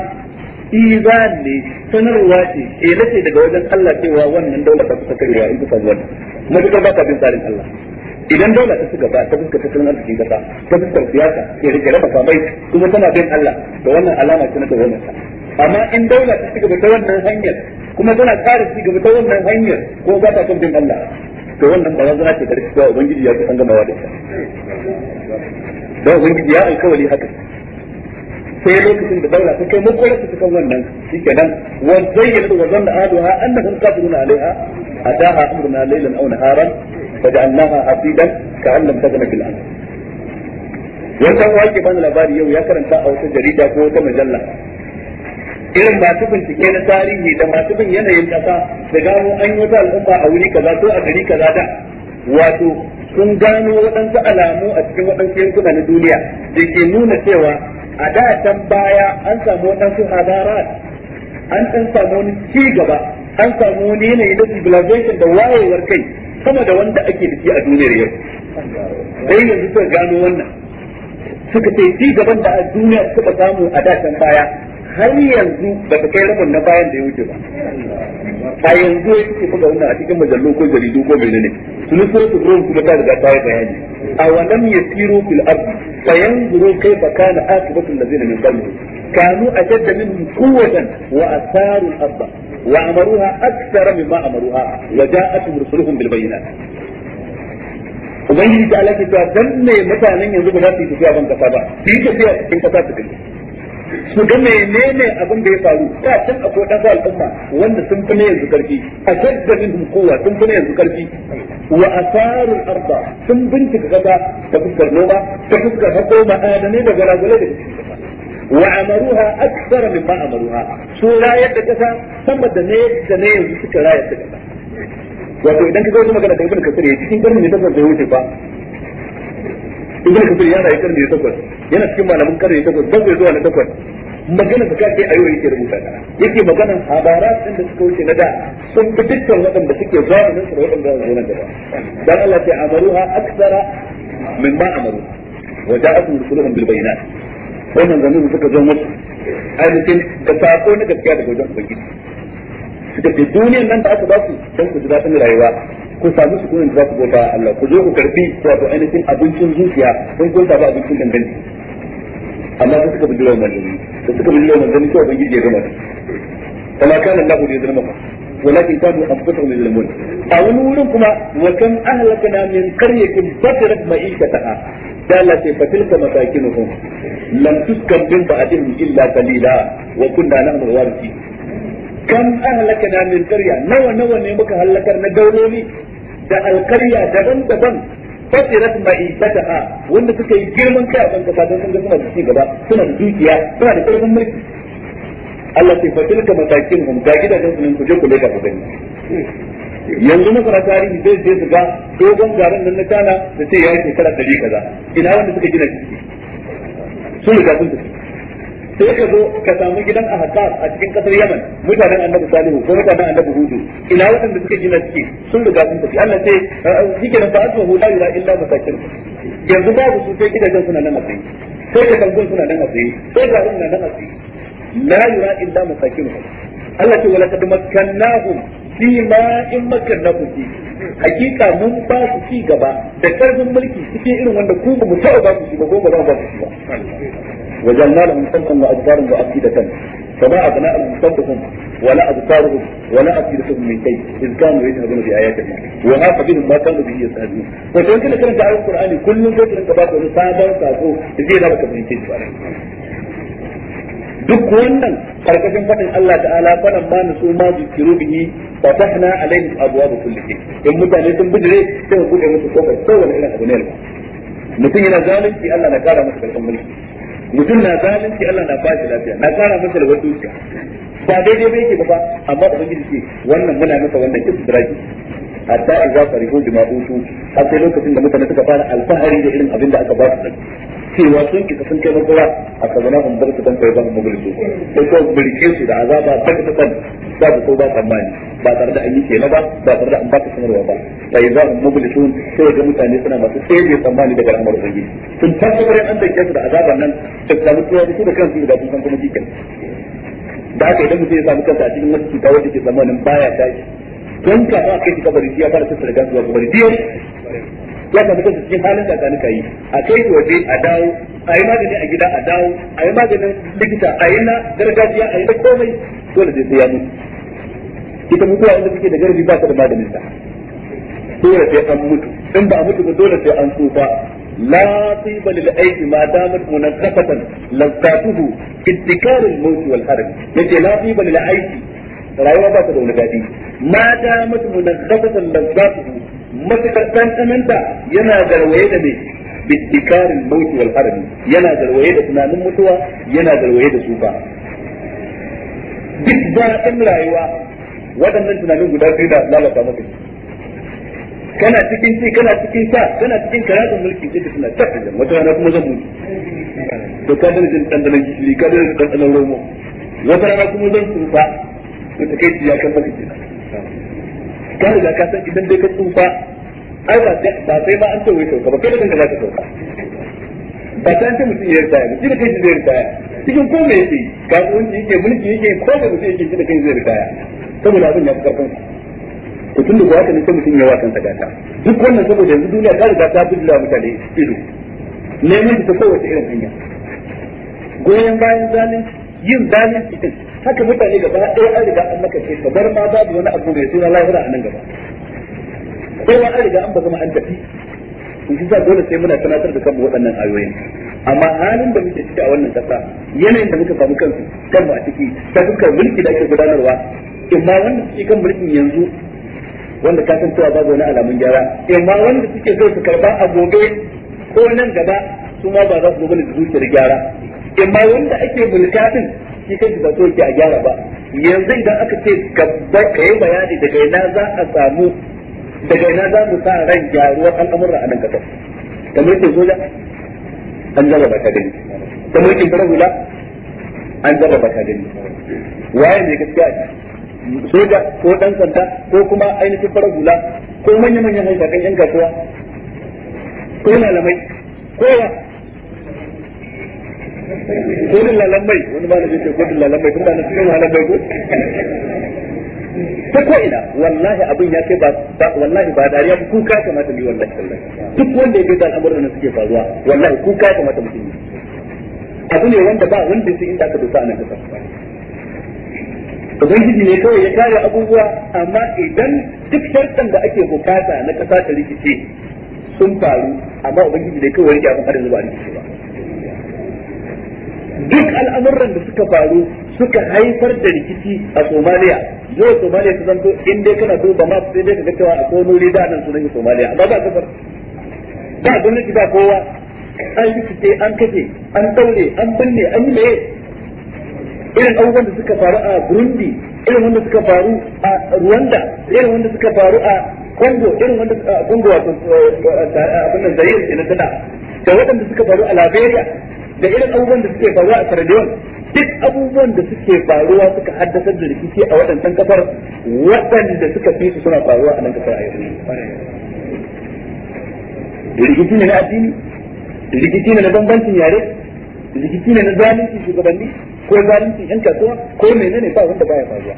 izan ne sanarwa ce ke lace daga wajen Allah cewa wannan daula ta kusa karewa in kusa wannan matukar ba ka bin tsarin Allah idan daula ta su gaba ta fuskar tattalin arzikin kasa ta fuskar siyasa ke rike raba kamai kuma tana bin Allah da wannan alama ce na ta ta amma in daula ta su gaba ta wannan hanyar kuma tana ƙara su gaba ta wannan hanyar ko ba ta son bin Allah to wannan barazana ce da cewa ubangiji ya kusan gamawa da ita don ubangiji ya alkawali haka sai lokacin da daula ta kai mun makwarar ta cikin wannan shikenan wa zayyana wa zanna aduha annahum kafiruna alaiha ataha amruna laylan aw naharan faj'alnaha ka an lam takun fil ard wannan wake bani labari yau ya karanta a wata jarida ko wata mujalla irin masu bincike na tarihi da masu bin yanayin kasa da gano an yi wata al'umma a wuri kaza ko a gari kaza da wato sun gano waɗansu alamu a cikin waɗansu yankuna na duniya da ke nuna cewa a da can baya an samu waɗansu hadarat an ɗan samu wani ci gaba an samu wani yanayi na civilization da wayewar kai sama da wanda ake da shi a duniyar yau dai yanzu suka gano wannan suka ce ci gaban da a duniya suka samu a da can baya har yanzu ba ta kai rabin na bayan da ya wuce ba a yanzu ya suke buga wannan a cikin majallu ko jaridu ko menene sun su rum kuma ta riga ta yi bayani a walam yasiru fil ard fayanzuru kayfa kana akibatu na min qablihim kanu jadda min quwwatan wa a tsarin abba. wa a amaruha akthara mimma amaruha wa ja'atuhum rusuluhum bil bayyinat ubangiji ta alaƙi ta dan ne mutanen yanzu ba za su yi tafiya ban kasa ba su yi tafiya cikin kasa su kai su ga menene abin da ya faru ta can akwai dan al'umma wanda sun fi ne yanzu karfi a shadda minhum sun fi ne yanzu karfi wa asarul arda sun bincika kasa ta fuskar noma ta fuskar hako ma'adanai da gwalagwalai da wa amaruha akthara mimma amaruha su rayar da kasa sama da ne da ne yanzu suka rayar da kasa wato idan ka zo magana da ibn kasir cikin garin ne da zai wuce ba ibn kafir ya rayu karni takwas yana cikin malamin karni takwas bakwai zuwa na takwas magana su kace ayo yake rubuta ta yake magana habara din da suka wuce na da sun fi dukkan waɗanda suke zamanin su da waɗanda nan gaba dan Allah ya amaruha aksara mimma amaru wa ja'atuhum rusuluhum bil bayinat wannan zamu suka zo musu ainihin da sako na gaskiya daga wajen ubangiji suka ce duniyar nan da aka ba su don ku ji daɗin rayuwa ku samu su kunin da za ku bauta Allah ku zo ku karbi wato ainihin abincin zuciya don kun samu abincin dangane amma sai suka bijiro manzanni da suka bijiro manzanni sai ubangiji ya gama da kama kana Allah ne zalma ba walakin kanu anfusahum yuzlimun a wani wurin kuma wa kam ahlakna min qaryatin batarat ma'ishataha dala sai fatilka masakinuhum lam tuskan min ba'dihim illa qalila wa kunna nahnu warisi kan ahlaka na min karya nawa nawa ne muka halakar na gauroni da alqarya daban-daban fasirat wanda suka yi girman kai a kan kasa don sun suna da ci gaba suna da dukiya suna da karfin mulki Allah ka matakin hum ga gidajen su ku je ku leka ku gani yanzu tarihi zai je su ga dogon garin nan na tana da ya yi shekara ɗari kaza ina wanda suka gina ciki sun riga sun tafi sai ka zo ka samu gidan ahqaf a cikin kasar Yaman mutanen Annabi Salihu ko mutanen Annabi Hudu ina da suke gina ciki sun riga sun tafi Allah sai ah, shike nan fa asbahu la ilaha illa masakin yanzu babu su sai gidajen suna nan a tsaye sai ka tangun suna nan a tsaye sai ga suna nan a tsaye la yura illa masakin Allah ce wala kadu makkannahum fi ma in makkannahum fi hakika mun ba su ci gaba da karfin mulki cikin irin wanda ku ba mu taɓa ba su ci ba ko ba za mu ba su ci ba وجعلنا لهم خلقا وأبصارا وأفئدة فما أغنى صوتهم ولا أبصارهم ولا أفئدتهم من شيء إذ كانوا يجهدون بآياتنا وما بهم ما كانوا به يستهزئون وكان كده كانت آية القرآن كل شيء أنت باقي صعبا صعبا إزاي لا بك من شيء duk wannan karkashin fadin Allah ta'ala fadan ba su ma zikiru bihi fatahna alaihim abwaab kulli shay in mutane sun bidire sai ku bude musu kofar kowanne irin abu ne mutum yana zalunci Allah na kara masa karfin mulki mutum na zalunci Allah na bashi lafiya na kara masa da wata ba daidai ba yake ba amma ubangiji ce wannan muna masa wannan istidraji hatta idza farihu bima utu har sai lokacin da mutane suka fara alfahari da irin abin da aka ba su cewa sun kisa sun kai makura a kazana hun bar su dan kai ba mu su ko ko birke su da azaba ta ta kan ba su ba tsammani ba tare da an yi kenan ba ba tare da an ba ta sanarwa ba fa idza hum su sai ga mutane suna masu sai da tsammani daga al'amarin yi sun tabbatar an da su da azaban nan da samu tsaya da kansu da su san kuma kikin da haka idan mutum ya samu kansa a cikin wata cuta wanda ke zamanin baya tashi dan ka ba kai kabari ya fara tattara gasu zuwa kabari biyo ya samu kansa cikin halin da kanuka yi a kai waje a dawo a yi magani a gida a dawo a yi maganin likita a yi na gargajiya a yi na komai dole zai sai ya mutu ita mutuwa inda take da garbi ba ta da maganin ta dole sai an mutu in ba a mutu ba dole sai an tsufa لا طيب للأيد ما دامت منقفة لذاته في ابتكار الموت والحرم يجي لا طيب للأيد rayuwa ba ta da wani daɗi ma da mutum nan kafatan lazzatu matakar ɗanɗananta yana garwaye da mai bidikarin mauti wal harami yana garwaye da tunanin mutuwa yana garwaye da sufa duk ba ɗan rayuwa waɗannan tunanin guda biyu da lalata maka kana cikin ci kana cikin sa kana cikin karatun mulki kika suna tafi da wata rana kuma zan mutu to ka dana jin dandanan gishiri ka dana jin dandanan romo wata rana kuma zan tsufa da take ya kan maka kenan ka riga ka san idan dai ka tsufa ai ba sai ba sai ma an ce wai sauka ba kai da kanka za ka sauka ba ta ce mutum ya ritaya ba shi da kai zai ritaya cikin ko me yake kasuwanci yake mulki yake ko da mutum yake shi da kai zai ritaya saboda abin ya fi karfin to tun da haka ne sai mutum ya wa ta gata duk wannan saboda yanzu duniya ta riga ta bi da mutane ido neman ta kowace irin hanya goyon bayan zalunci yin zalunci din haka mutane gaba ɗaya an riga an maka ce bar ma babu wani abu mai suna lahira a nan gaba ma an riga an ba zama an tafi in ji dole sai muna tunatar da kanmu waɗannan ayoyin amma halin da muke ciki a wannan ƙasa yanayin da muka samu kansu kanmu a ciki ta dukkan mulki da ake gudanarwa in ma wanda suke kan mulkin yanzu wanda ka san cewa babu wani alamun gyara in ma wanda suke zai su karba a gobe ko nan gaba su ma ba za su gobe da zuciyar gyara in ma wanda ake mulka din shi kanshi ba so yake a gyara ba yanzu da aka ce gaba kai bayani daga ina za a samu daga ina za mu sa ran gyaruwar al'amuran a nan kasar kamar yake soja an jarraba baka gani kamar yake farahula an jarraba baka gani waye ne gaskiya soja ko dan sanda ko kuma ainihin farar hula ko manya-manyan haikakan yan kasuwa ko malamai ko ya ko dillalan ba na ba dariya kuka yi wallahi duk wanda ya al'amuran da suke faruwa wallahi kuka abu ne ba wanda inda aka dosa a nan kawai ya kare abubuwa amma idan duk shartan da ake bukata na kasa ta rikice sun faru amma ubangiji ne kawai ya abin har yanzu ba rikice ba duk al'amuran da suka faru suka haifar da rikici a Somalia yau Somalia ta zanto in dai kana duba map sai dai ka ga cewa a komori da nan sunan Somalia amma ba kafar ba gwamnati ba kowa an rikice an kafe an daure an binne an yi meye irin abubuwan da suka faru a Burundi irin wanda suka faru a Rwanda irin wanda suka faru a Congo irin wanda Congo wato eh, eh, abin nan da yin da da waɗanda suka faru a Liberia da irin abubuwan da suke faruwa a Sierra duk abubuwan da suke faruwa suka haddasar da rikici a waɗancan kafar waɗanda suka fi su suna faruwa a nan kafar a yanzu rikici ne na addini rikici ne na bambancin yare rikici ne na zalunci shugabanni ko zalunci yan kasuwa ko menene ba wanda baya faruwa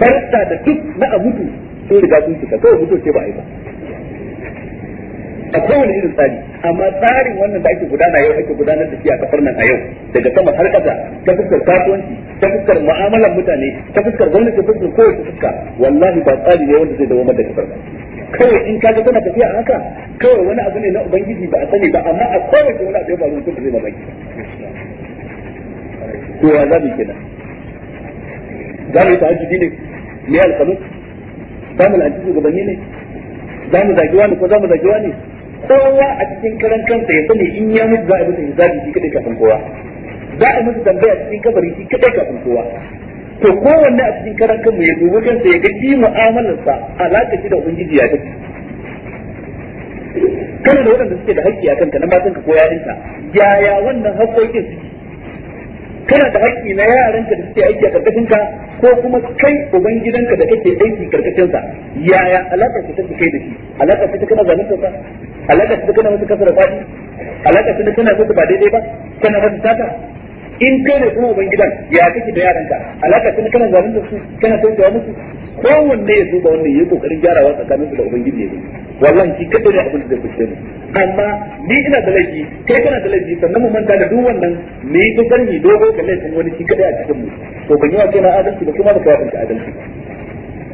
farta da duk na abudu sai riga sun cika kawai mutum ce ba a yi ba a kowane irin tsari amma tsarin wannan da ake gudana yau ake gudanar da shi a kafar nan a yau daga sama har ƙasa ta fuskar kasuwanci ta fuskar mu'amalar mutane ta fuskar gwamnati ta fuskar kowace fuska wallahi ba tsari ne wanda zai dawo da kafar ba kawai in kaga tana tafiya a haka kawai wani abu ne na ubangiji ba a sani ba amma a kowace wani abu ya faru mutum zai mamaki to ya zabi kenan za mu yi tahajjudi ne me alkanu za mu lanci shugabanni ne za mu zagi wani ko za mu zagi wani kowa a cikin karan kansa ya sani in ya mutu za a mutu hisabi shi kadai kafin kowa za a mutu tambaya cikin kabari shi kadai kafin kowa to kowanne a cikin karan kanmu ya dubi kansa ya ga shi mu'amalarsa alaƙa shi da ubangiji ya tafi kana da waɗanda suke da haƙƙi a kanta na ka ko yarinka yaya wannan haƙƙoƙin suke kana da haƙƙi na yaranka da suke aiki a ƙarƙashin ka ko kuma kai uban gidanka da kake aiki ƙarƙashin sa yaya alaƙa ta take kai da shi alaƙa ta kana zalunta sa alaƙa ta kana masa kasar fadi alaƙa ta kana masa ba daidai ba kana masa ta. in kai ne kuma gidan ya kake da ka alaka kuma kana zarin da su kana son da musu kowanne ya zuba wannan yayi kokarin gyarawa tsakanin su da ubangiji ne wallahi ki kada ne abin da kuke ne amma ni ina da laifi kai kana da laifi sannan mu manta da duk wannan me yi kokarin yi dogo ga laifin wani shi kada a cikin mu to ban yi wa kaina adalci da kuma ba kai ka adalci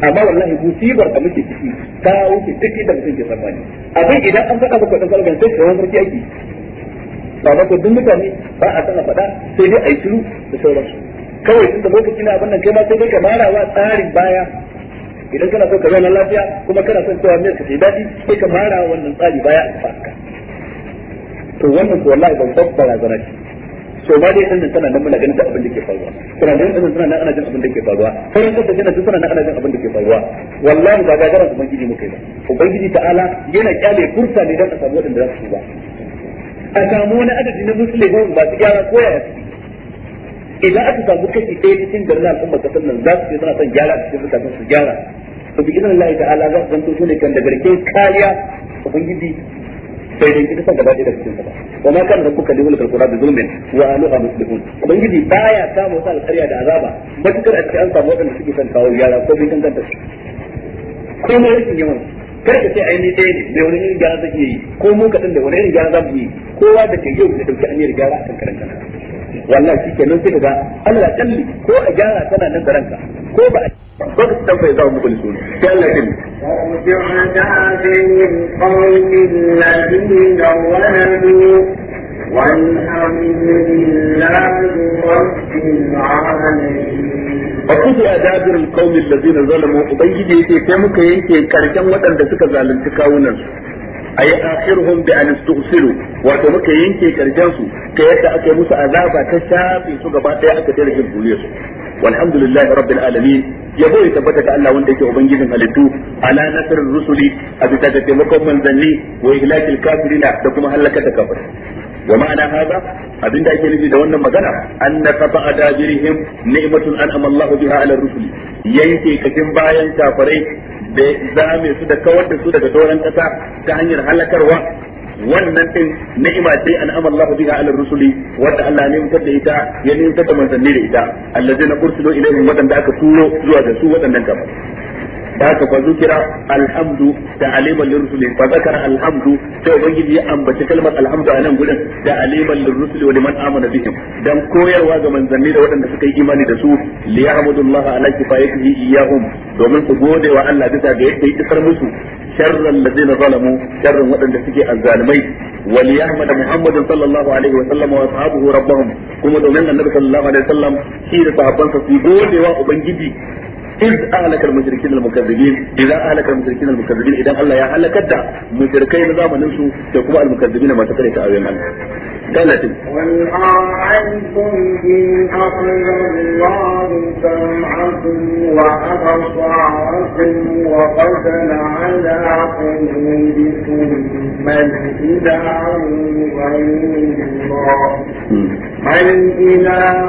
amma wallahi musibar da muke ciki ta wuce duk da mutum ke tsammani abin idan an faɗa maka dan salgan sai wani sarki ake ba da duk mutane ba a sana faɗa sai dai a yi shiru da sauransu kawai tun da lokaci na abin nan kai ma sai dai ka marawa tsarin baya idan kana so ka zauna lafiya kuma kana son cewa mai ka sai daɗi sai ka marawa wannan tsari baya a faka to wannan ko wallahi ban babbar razana ce to ma dai sanin tana nan muna ganin da abin da ke faruwa tana nan sanin tana nan ana jin abin da ke faruwa sauran kanta tana tana nan ana jin abin da ke faruwa wallahi ba gagaran ubangiji muke ba ubangiji ta'ala yana kyale kursa ne dan a samu wadanda za su ba a samu wani adadi na musulmi masu gyara ko yaya idan aka samu kashi ɗaya cikin garin al'umma kasar nan za su ce suna son gyara cikin mutanen su gyara to bi idan Allah ta'ala za su zanto su ne kan da garke kariya ubangiji bai danki kasan gaba ɗaya da cikin sa ba wa ma kana rabbuka li mulkal bi zulmin wa aluha muslimun ubangiji baya kama wata alƙarya da azaba matukar a cikin an samu waɗanda suke son kawo gyara ko bai tantance ko mai rashin yawan kar ka ce aini ɗaya ne mai wani irin gyara zai yi ko mu kaɗan da wani irin gyara za mu yi kowa da ke yau da ɗauki aniyar gyara a kan karanta na wallahi shi ke nan sai ga Allah kalli ko a gyara tana nan da ranka ko ba a ko ka tambaye za mu kullu sai Allah ya kalli والحمد لله رب العالمين فكفي دابر القوم الذين ظلموا ubangiji yake sai muka yanke karshen waɗanda suka zalunci kawunan a yi akhirhum bi an istusiru wato muka yanke karshen su ta yadda aka yi musu azaba ta shafe su gaba daya aka tare jin duniya su walhamdulillahi rabbil alamin yabo ya tabbata ga Allah wanda yake ubangijin halittu a nasrul rusuli a bisa da taimakon manzanni wa ihlakil kafirina da kuma halaka da kafirai wa ma'ana haza, abinda ake nufi da wannan magana anna qata adabirihim ni'matun an'ama Allahu biha 'ala ar-rusul yanke kafin bayan kafirai da zame su da kawar da su daga doran kasa ta hanyar halakarwa wannan din ni'ima ce an'ama Allahu biha rusuli wanda Allah ne mutar da ita ya ne mutar da manzanni da ita allazina ursilu ilayhim wadanda aka turo zuwa ga waɗannan wadannan da haka fa zukira alhamdu da aliman lirrusuli fa zakara alhamdu sai ubangiji ya ambaci kalmar alhamdu a nan gurin da aliman lirrusuli wa liman amana bihim dan koyarwa ga manzanni da waɗanda suka yi imani da su li yahmudullah ala kifayatihi iyyahum domin su gode wa Allah bisa ga yadda ya isar musu sharran ladina zalamu sharran waɗanda suke azzalimai wa li yahmada muhammadin sallallahu alaihi wa sallam wa rabbahum kuma domin annabi sallallahu alaihi wa sallam shi da sahabbansa su gode wa ubangiji إذ أهلك المشركين المكذبين إذا أهلك المشركين المكذبين إذا الله يا أهلك الدع مشركين ذا من نمشوا تقوى المكذبين ما تقريت أوي من قالت وإن إن أخذ الله سمعكم وأبصاركم وقتل على قلوبكم بل إله غير الله بل إله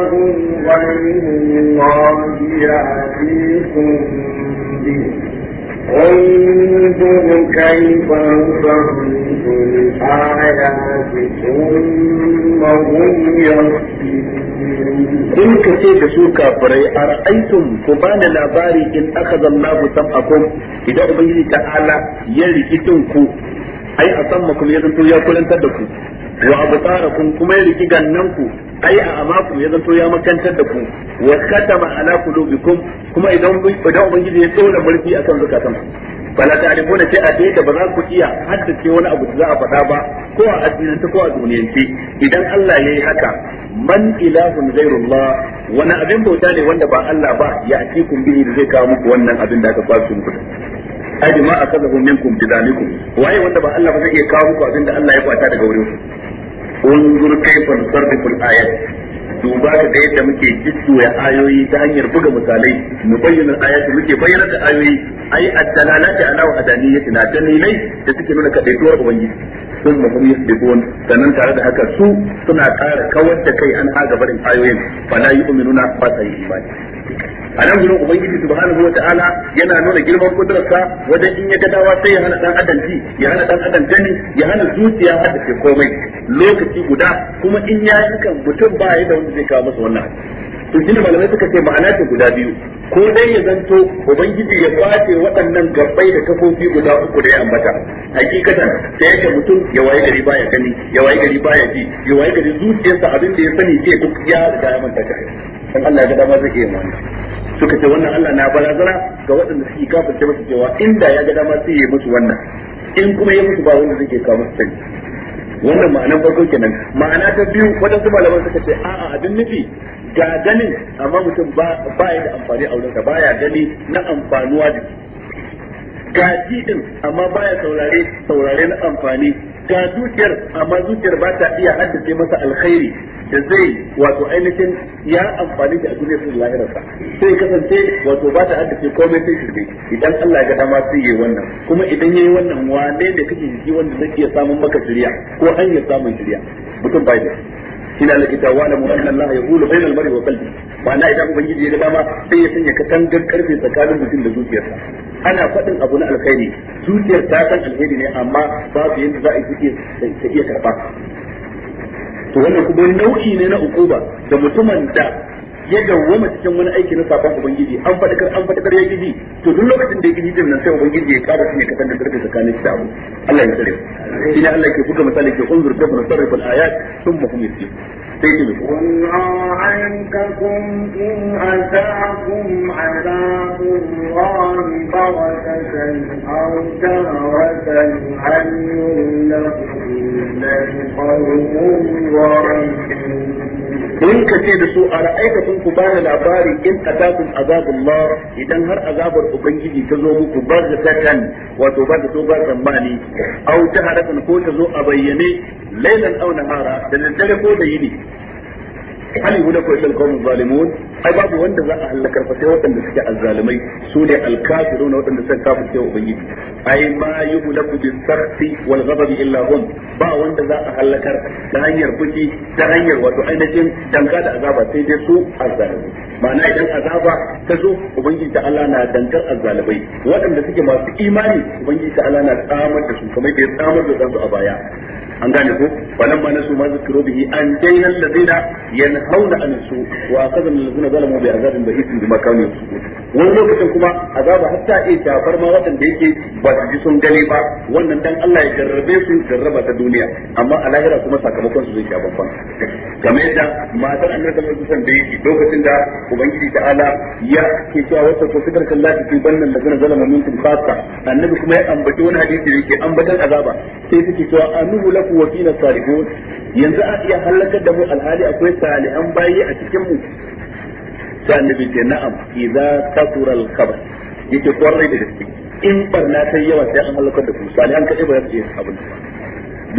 غير الله يأتيكم به انظر كيف نصرف الآيات ثم هم يصدقون in ka ce da su kafirai ar'aitum ku bani labari in aka akhadha san akwai idan ubangiji ta'ala ya rikitin ku ai a sammakum ya zanto ya kulantar da ku wa abu kun kuma ya riki gannan ku ai a amakum ya zanto ya makantar da ku wa katama ala qulubikum kuma idan idan ubangiji ya tsora mulki akan zakatan ku fala ta'rifuna sai a da ba za ku iya haddace wani abu da za a faɗa ba ko a addinin ta ko a duniyance idan Allah yayi haka man ilahun ghairullah wani abin bauta ne wanda ba Allah ba ya kun bihi da zai kawo muku wannan abin da aka kwasu muku aji ma akazahu minkum bidalikum waye wanda ba Allah ba zai iya kawo muku abin da Allah ya kwata daga wurin ku unzur kayfa sarfiful ayat duba ka da yadda muke jissuya ayoyi ta hanyar buga misalai mu bayyana ayati muke bayyana da ayoyi ai ad-dalalati ala wahdaniyyati na dalilai da suke nuna kadaituwar ubangiji sun ma hum yasbihun sannan tare da haka su suna ƙara kawar da kai an haga barin ayoyin fa la yu'minuna ba sai imani a nan gudun ubangiji subhanahu wataala yana nuna girman kudurarsa wajen in ya ga dawa sai ya hana dan adam ji ya hana dan adam gani ya hana zuciya hada ke komai lokaci guda kuma in ya kan mutum ba ya da wanda zai kawo masa wannan to shi ne malamai suka ce ma'ana ta guda biyu ko dai ya zanto ubangiji ya kwace waɗannan gabbai da kafofi guda uku da ya ambata hakikatan sai yake mutum ya waye gari baya gani ya waye gari baya ji ya waye gari zuciyarsa abin da ya sani ke duk ya da ya manta ta dan Allah ya ga dama zai yi wannan suka ce wannan Allah na barazana ga waɗanda suke kafirce masu cewa inda ya ga dama sai ya musu wannan in kuma ya musu ba wanda suke kawo musu sani wannan ma'anar farko kenan ma'ana ta biyu waɗansu malaman suka ce a'a abin nufi ga ganin amma mutum ba ya da amfani a wurinsa ya gani na amfanuwa da ga ji din amma baya saurare saurare na amfani ga dukiyar amma dukiyar ba ta iya haddace masa alkhairi da zai wato ainihin ya amfani da duniya sun lahirarsa sai kasance wato ba ta haddace komai sai shirbe idan Allah ga dama sai yayi wannan kuma idan yayi wannan wane ne kake jiki wanda zai iya samun maka shirya ko an ya samun shirya mutum bai da ina laki ta wala bula anna Allah yaqulu bainal mar'i wa qalbi ba na idan ubangiji ya ga dama sai ya sanya katangar karfe tsakanin mutum da zuciyarsa ana faɗin abu na alkhairi zuciyar ta san alheri ne amma babu yanda za a yi ta iya karba to wannan kuma nau'i ne na ukuba da mutumin da ya dawoma cikin wani aiki na sabon ubangiji an faɗi kar an faɗi kar ya gidi to duk lokacin da ya gidi din nan sai ubangiji ya kada shi ne kasan da karfe tsakanin shi da abu Allah ya tsare shi ne Allah ke buga misali ke unzur kafin sarrafa al-ayat thumma hum yasifun Wannan سيتم قل أرأيتكم إن أتاكم عذاب الله بغتة أو جهرة هل يهلك إلا القوم الظالمون in ka ce da su a ra'aika sun ku bani labari in atakum azabullah idan har azabar ubangiji ta zo muku ba da tatan wato ba da so ba tsammani au ta harafin ko ta zo a bayyane lailan au nahara da daddare ko da yini hal yuhlaku illa alqawm zalimun ai babu wanda za a halakar fa sai waɗanda suke azzalimai su ne na waɗanda suka kafirce wa ubangiji ai ma yuhlaku bis sarfi wal ghadabi illa hum ba wanda za a halakar ta hanyar fushi ta hanyar wato ainihin danka da azaba sai dai su azzalimai ma'ana idan azaba ta zo ubangiji ta Allah na dangar azzalibai waɗanda suke masu imani ubangiji ta Allah na tsamar da su kamar da ya tsamar da su a baya an gane ko wannan ma na nasu ma zikiro bihi an dayna alladhina yanhauna an su wa qadam alladhina zalamu bi azabin bahisin bima kanu yasukun wani lokacin kuma azaba hatta iya shafar ma waɗanda yake ba su ji sun gani ba wannan dan Allah ya jarrabe su jarraba ta duniya amma a lahira kuma sakamakon su zai sha babban kamar yadda matar annabi sallallahu alaihi wasallam da yake lokacin da ubangiji ta'ala ya ke cewa wata ko sidar kallati fi bannan da zana zalama minkum khassa annabi kuma ya ambaci wani hadisi da yake ambatan azaba sai suke cewa anuhu laku wa fina salihun yanzu a iya halakar da mu alhali akwai salihan bayi a cikin mu sai annabi ce na'am idza kasura al-khabar yake kwarai da gaske in barna ta yawa sai an halakar da ku salihan kadai ba za su iya abin ba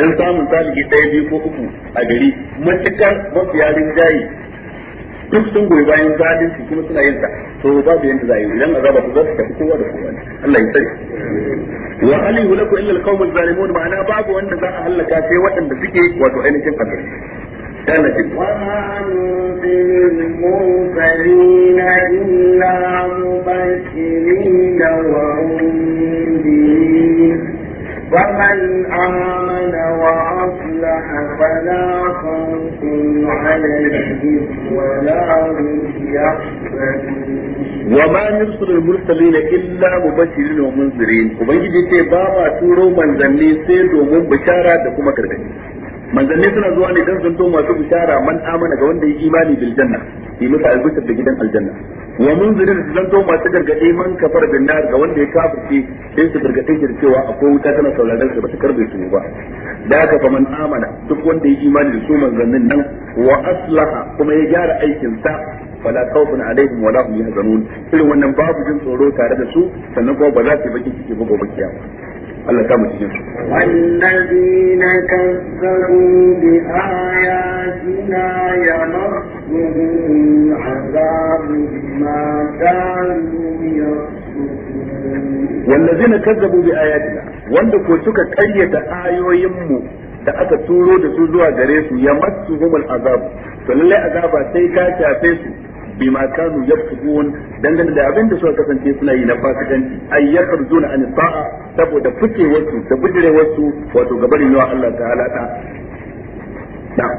dan samun salihi ɗaya biyu ko uku a gari matukar mafiya rinjaye duk sun goyi bayan zalunci kuma suna yin ta to babu yanda za a yi idan azaba ta za su tafi kowa da kowa Allah ya tsare wa hal yulaku illa alqawm alzalimun ma'ana babu wanda za a halaka sai waɗanda suke wato ainihin azali كانت وما نرسل المرسلين إلا مبشرين ومنذرين ومن آمن وعصى أصلح فلا خوف عليهم ولا هم وما نرسل المرسلين إلا مبشرين ba وبنجي تي بابا تورو منزلني سي دومون بشارة دكما كرغني manzanni suna zuwa ne don sun masu bishara man amana ga wanda ya imani bil janna yi masa albishar da gidan aljanna wa munzirin su zanto masu gargade man kafar bin nar ga wanda ya kafirce sai su gargade shi cewa akwai wuta tana sauraron su ba ta karbe su ba da haka fa man amana duk wanda ya imani da su manzannin nan wa aslaha kuma ya gyara aikin sa fala khawfun alaihim wala hum yahzanun irin wannan babu jin tsoro tare da su sannan kuma ba za su yi baki ciki ba gobe kiyama Allah ta mutu jinsu. Wallazina kazzabu bi ayatina yamassuhum ma kanu wallazina kazzabu bi ayatina wanda ko suka karyata ayoyin mu da aka turo da su zuwa gare su ya massuhumul azab to lalle azaba sai ka tafe su ya kanu yafsukun dangane da abin da suka kasance suna yi na fasikanci ay yakhruzuna an sa'a saboda fike wasu da bujirewar wasu wato gabar yawa Allah ta'ala ta نعم.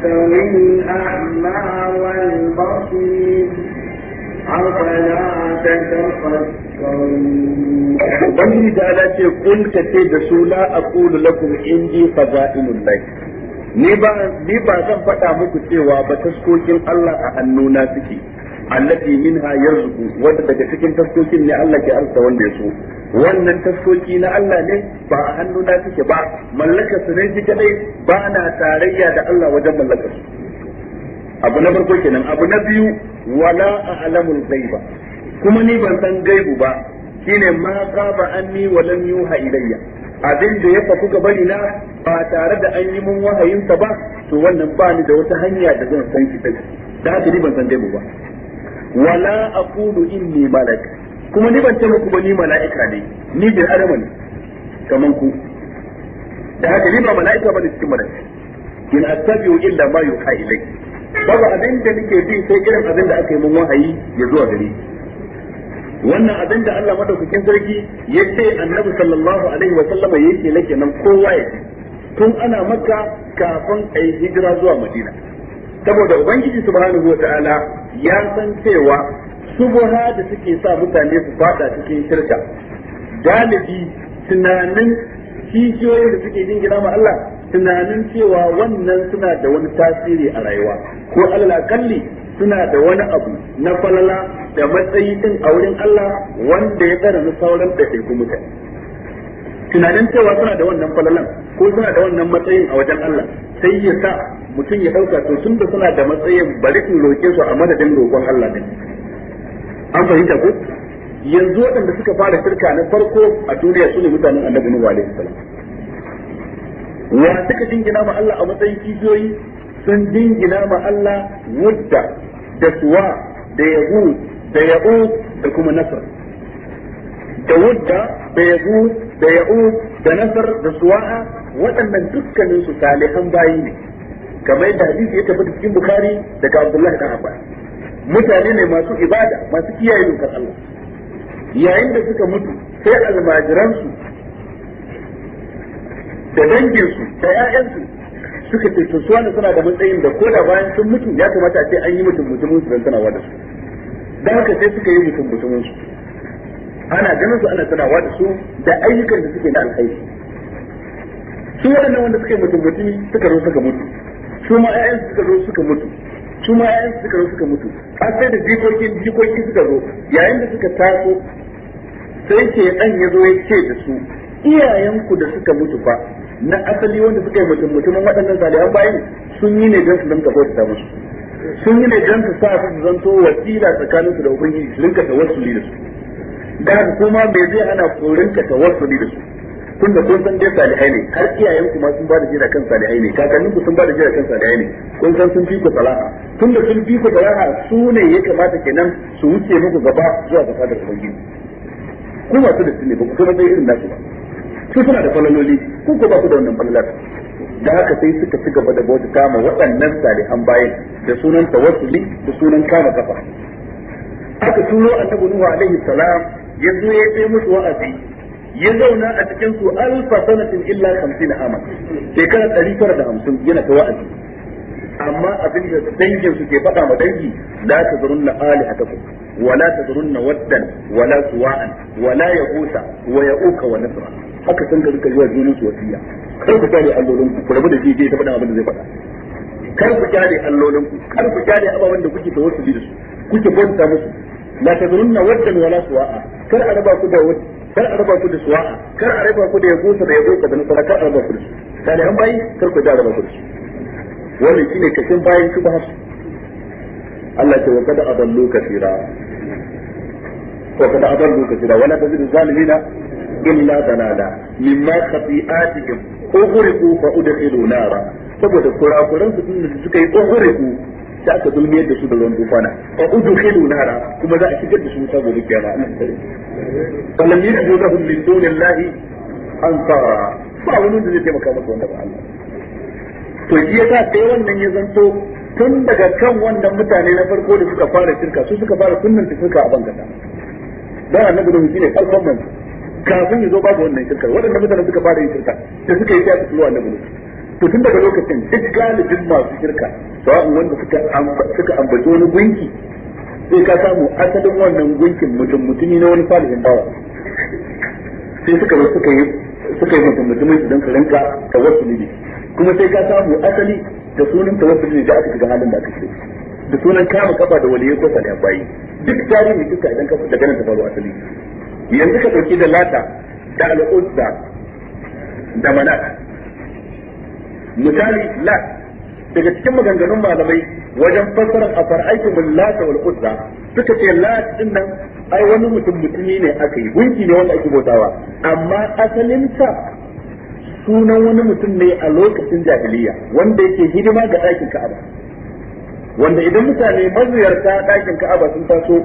يستوي الأعمى والبصير أفلا تتفكرون da ala ce kun ka ce da su la kulu lakum in ji lahi ni ba ni ba zan faɗa muku cewa ba taskokin Allah a hannuna suke Allah min ha yanzu wanda daga cikin taskokin ne Allah ke arsa wanda ya so wannan taskoki na Allah ne ba a hannu na take ba mallakar su ne shi kadai ba na tarayya da Allah wajen mallakar su abu na farko kenan abu na biyu wala a'lamul ghaiba kuma ni ban san gaibu ba shine ma qaba anni wa lam yuha ilayya abin da ya faku bari na ba tare da an yi mun wahayin ba to wannan ba ni da wata hanya da zan san shi da haka ni ban san gaibu ba wala aqulu inni malak kuma ni ban taba ku ba ni mala'ika ne ni bai adama ne kaman ku da haka ni ba mala'ika bane cikin mala'ika in astabiu illa ma yuha ilai babu abin da nake bi sai irin abin da aka yi mun wahayi ya zuwa gare wannan abin da Allah madaukakin sarki ya ce annabi sallallahu alaihi wa sallama yake nake nan kowa ya tun ana maka kafin a yi hijira zuwa madina saboda ubangiji subhanahu wa ta'ala ya san cewa shubuha da suke sa mutane su fada cikin shirka galibi tunanin kishiyoyin da suke jingina ma Allah tunanin cewa wannan suna da wani tasiri a rayuwa ko alalakalli suna da wani abu na falala da matsayi din a wurin Allah wanda ya tsara na sauran da kuma mutane tunanin cewa suna da wannan falalan ko suna da wannan matsayin a wajen Allah sai ya sa mutum ya ɗauka to tun da suna da matsayin bari in roƙe su a madadin roƙon Allah din an fahimta ko yanzu waɗanda suka fara shirka na farko a duniya su ne mutanen annabi nuhu alaihi salam wa suka dingina ma Allah a matsayin kijiyoyi sun dingina ma Allah wudda da suwa da yabu da yabu da kuma nasar da wudda da yabu da yabu da nasar da suwa'a waɗannan dukkanin su salihan bayi ne kamar yadda hadisi ya tabbata cikin bukari daga abdullahi dan abbas mutane ne masu ibada masu kiyaye dokar Allah yayin da suka mutu sai almajiransu da danginsu da 'ya'yansu suka ce to su wani suna da matsayin da ko da bayan sun mutu ya kamata a ce an yi mutum mutumin su don tunawa da su dan haka sai suka yi mutum mutumin su ana ganin su ana tunawa da su da ayyukan da suke na alkhairi su waɗannan wanda suka yi mutum mutumi suka zo suka mutu su ma 'ya'yansu suka zo suka mutu su ma yayin suka zo suka mutu a sai da jikokin jikoki suka zo yayin da suka taso sai ke dan ya zo ya ce da su iyayenku da suka mutu fa na asali wanda suka yi mutum mutumin waɗannan zaliyan bayan sun yi ne don su dinka ta musu sun yi ne don su sa su zanto wasila tsakanin su da ubangiji su rinka tawassuli da su da kuma me zai ana ku rinka tawassuli da su tun da sun san dai salihai ne har iyayen kuma sun ba da jira kan salihai ne kakannin ku sun ba da jira kan salihai ne kun san sun fi ku salaha tun da sun fi ku salaha su ne ya kamata kenan su wuce muku gaba zuwa ga fadar ubangiji ku masu da ne ba ku kuma bai irin nasu ba su suna da falaloli ku ko ba ku da wannan falalar da haka sai suka ci gaba da bauta kama waɗannan salihan bayan da sunan tawassuli da sunan kama kafa aka tuno annabi nuhu alaihi salam yanzu ya yi musu wa'azi ya zauna a cikin su alfa sanatin illa 50 ama shekara ɗari tara da hamsin yana ta wa'azi amma abin da dangin su ke faɗa ma dangi la tazurunna alihatakum wala tazurunna waddan wala suwa'an wala yahusa wa ya ya'uka wa nasra haka san ka rika zuwa junan su wasiya kar ku kare allolin ku ku rabu da shi ta faɗa abin da zai faɗa kar ku kare allolin ku kar ku kare ababen da kuke wasu tawassuli da su kuke bauta musu la tazurunna waddan wa wala suwa'a kar a raba ku da wasu. kar a raba ku da suwa kar a raba ku da yagusa da yagusa da nasara kar a raba ku da su an bayi kar ku da raba ku da su wannan shine kashin bayan su ba su Allah ce wa kada adallu kasira wa kada adallu kasira wala tazidu zalimina illa dalala mimma khati'atihim ughriqu fa udkhilu nara saboda kurakuran su din da suka yi ughriqu sai aka zulmiyar da su da ruwan tufana a udu khidu nara kuma za a shigar da su wuta gobe kiyama wallan yajidu lahum min dunillahi ansara ba wani da zai taimaka masa wanda ba Allah to shi yasa sai wannan ya zanto tun daga kan wannan mutane na farko da suka fara shirka su suka fara sunnan shirka a bangata dan annabi da shine farkon manzo kafin ya zo babu wannan shirkar waɗanda mutane suka fara yin shirka da suka yi ta tsuwa annabi to tun daga lokacin duk galibin masu shirka sawa'un wanda suka ambaci wani gunki sai ka samu asalin wannan gunkin mutum mutumi na wani salihin bawa sai suka zo suka yi suka yi mutum mutumin su don su ta wasu ne kuma sai ka samu asali da sunan ta wasu ne da aka shiga halin da aka ce da sunan kama kafa da waliyai ko da bayi duk tarihi duka idan ka daga nan ta faru asali yanzu ka dauki da lata da al'uzza da manat misali lat daga cikin maganganun malamai wajen fassara afar aikin bil wal uzza suka ce lat din nan ai wani mutum mutumi ne aka yi gunki ne wanda ake bautawa amma asalin ta sunan wani mutum ne a lokacin jahiliya wanda yake hidima ga ɗakin ka'aba wanda idan mutane maziyarta ɗakin ka'aba sun taso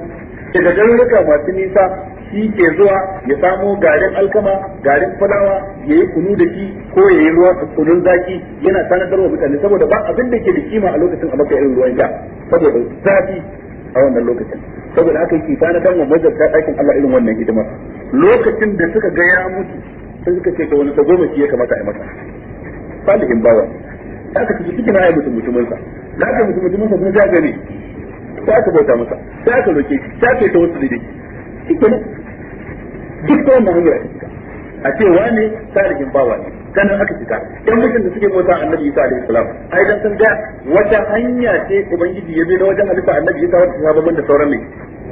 daga garuruka masu nisa shi ke zuwa ya samo garin alkama garin fulawa ya yi kunu da shi ko ya yi ruwa kunun zaki yana tanadar wa mutane saboda ba abin da ke da kima a lokacin a maka irin ruwan sha saboda zafi a wannan lokacin saboda yi yake tanadar wa ta ɗakin Allah irin wannan hidima lokacin da suka ga ya mutu sai suka ce ka wani shi ya kamata a mata salihin bawa aka ci cikin ya mutum mutuminsa da aka mutum mutuminsa kuma ja gani sai aka bauta masa sai aka roke shi sai aka ta wasu dai shi kenan duk ta wannan hanyar aka cika a ce wane tarihin bawa ne sanan aka cika dan mutum da suke bauta annabi Isa alaihi salam ai dan san ga wata hanya ce ubangiji ya bi na wajen halitta annabi Isa wata sababan da sauran ne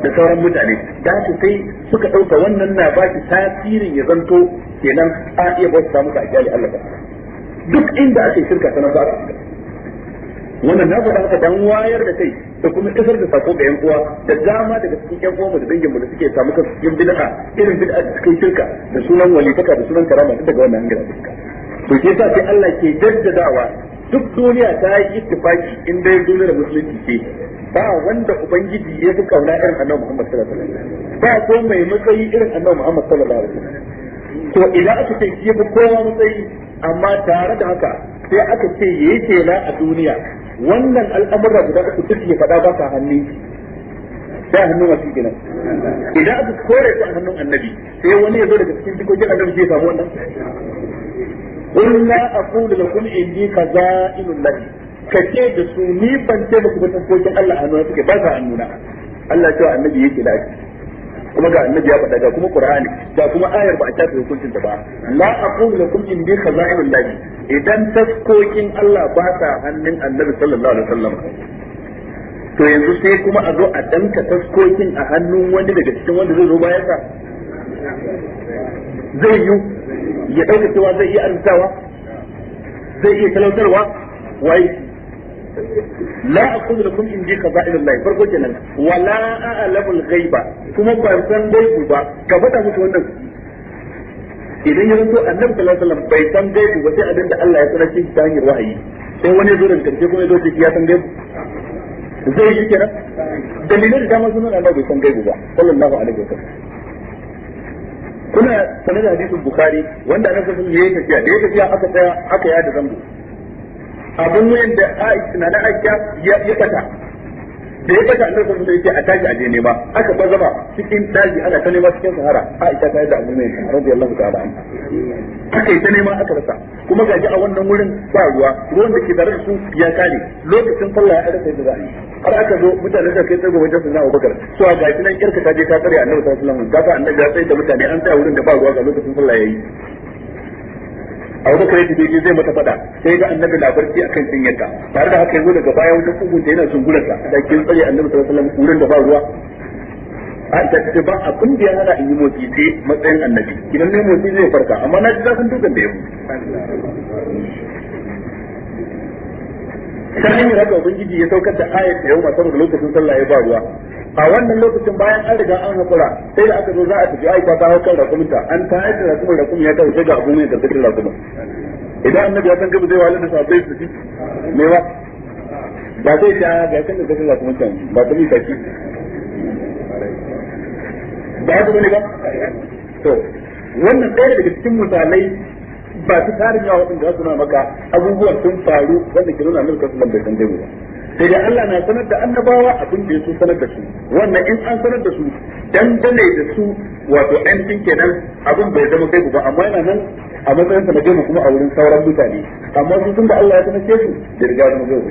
da sauran mutane da haka sai suka dauka wannan na baki tasirin ya zanto kenan a iya bauta muka a kyali Allah duk inda ake shirka sanan ba su cika wannan na faɗa haka dan wayar da kai da kuma isar da sako ga yan uwa da dama daga cikin yan uwa da dangin mu da suke samu kan cikin bid'a irin bid'a da suke shirka da sunan walitaka da sunan karama duk daga wannan hanyar to ke sa sai Allah ke jaddadawa duk duniya ta yi ittifaki in dai duniyar musulunci ce ba wanda ubangiji ya fi kauna irin annabi Muhammad sallallahu alaihi wasallam ba ko mai matsayi irin annabi Muhammad sallallahu alaihi wasallam to idan aka ce shi fi kowa matsayi amma tare da haka sai aka ce yake na a duniya wannan al'amura guda uku duk ya faɗa ba sa hannun ba a hannun wasu gina. idan aka kore su a hannun annabi sai wani ya zo daga cikin jikokin annabi zai samu wannan قل لا أقول لكم إني خزائن الله ka ce da su ni ban ce ba ku ga Allah a nuna suke ba Allah yake kuma ga annabi ya faɗa ga kuma qur'ani ga kuma ayar ba a tafi hukuncin da ba la aqulu lakum indi khaza'inul lahi idan taskokin Allah ba sa hannun annabi sallallahu alaihi wasallam to yanzu sai kuma a zo a danka taskokin a hannun wani daga cikin wanda zai zo bayan sa zai yi ya dauka cewa zai iya arzikawa zai iya talautarwa waye la aqulu lakum indi qaba'il Allah farko kenan wala a'lamu al-ghaiba kuma ban san gaibu ba ka faɗa musu wannan idan ya zanto annabi sallallahu alaihi bai san gaibu ba sai abinda Allah ya sanar shi ta hanyar wahayi sai wani ya zo da karshe kuma ya zo ya san gaibu zai yi kenan dalilin da dama sun nuna Allah bai san gaibu ba sallallahu alaihi wasallam kuna sanar da bukhari wanda annabi sallallahu da ya aka tsaya aka yada zango abin wuyan da Aisha na Aisha ya fata da ya fata annabi sun yake a tashi aje ne ba aka bazaba cikin daji ana ta nema cikin sahara Aisha ta da abin wuyan radiyallahu ta'ala an aka yi ta nema aka rasa kuma gaji a wannan wurin ba ruwa ruwan da ke da su ya kare lokacin sallah ya rasa yadda za a yi har aka zo mutane da kai tsago wajen sunna Abubakar so gaji nan kirka ta je ta tsare annabi sallallahu alaihi wasallam ga annabi ya tsaye da mutane an tsaya wurin da ba ruwa ga lokacin sallah yi. Abu Bakar ya tafi zai mata fada sai ga annabi na barci kan cinyarta tare da haka yazo daga baya wajen kugun da yana zungurarta da dakin tsare annabi sallallahu alaihi wurin da ba ruwa Aisha ta ba abin da ya hana in yi motsi sai matsayin annabi idan ne motsi zai farka amma na ji zafin dukan da ya mutu sanin yin haka ubangiji ya saukar da ayat yau masu saboda lokacin sallah ya ba ruwa a wannan lokacin bayan an riga an hakura sai da aka zo za a tafi aika ta hukar rakuminta an ta aika rakumin rakumin ya ta sai ga abu da karkashin rakumin idan annabi ya san gaba zai wale da sabai su ji me ba ba zai ta ga kan da kashin rakumin ba ta mi saki ba ta ne ba to wannan ɗaya daga cikin misalai ba su tarin yawa waɗanda za su na maka abubuwan sun faru wanda ke nuna annabi sallallahu alaihi wasallam bai san ba sai dai Allah na sanar da annabawa abin da yake sanar da su wannan in an sanar da su dangane da su wato ɗan din kenan abin bai zama kai ba amma yana nan a matsayin sanade mu kuma a wurin sauran mutane amma su tun da Allah ya sanar da su da riga zama gaba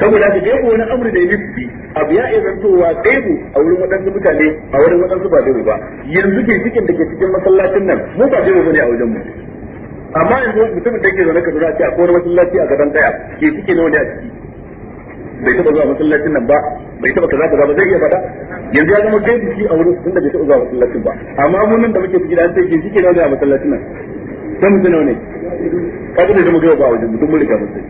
saboda da jebu wani amri da yake abu ya iya zantowa jebu a wurin waɗansu mutane a wurin waɗansu ba jebu ba yanzu ke cikin da ke cikin masallacin nan mu ba ba ne a wajen mu amma yanzu mutumin da ke zaune ka zauna ce akwai wani masallaci a gaban daya ke kike nawa ne a ciki bai taba zuwa masallacin nan ba bai taba kaza kaza ba zai iya faɗa yanzu ya zama gaibi shi a wurin tun da bai taba zuwa masallacin ba amma mun nan da muke cikin an sai ke kike nawa ne a masallacin nan sai mun nawa ne kaga da zama gaibi ba wajen mutum mun riga mun sai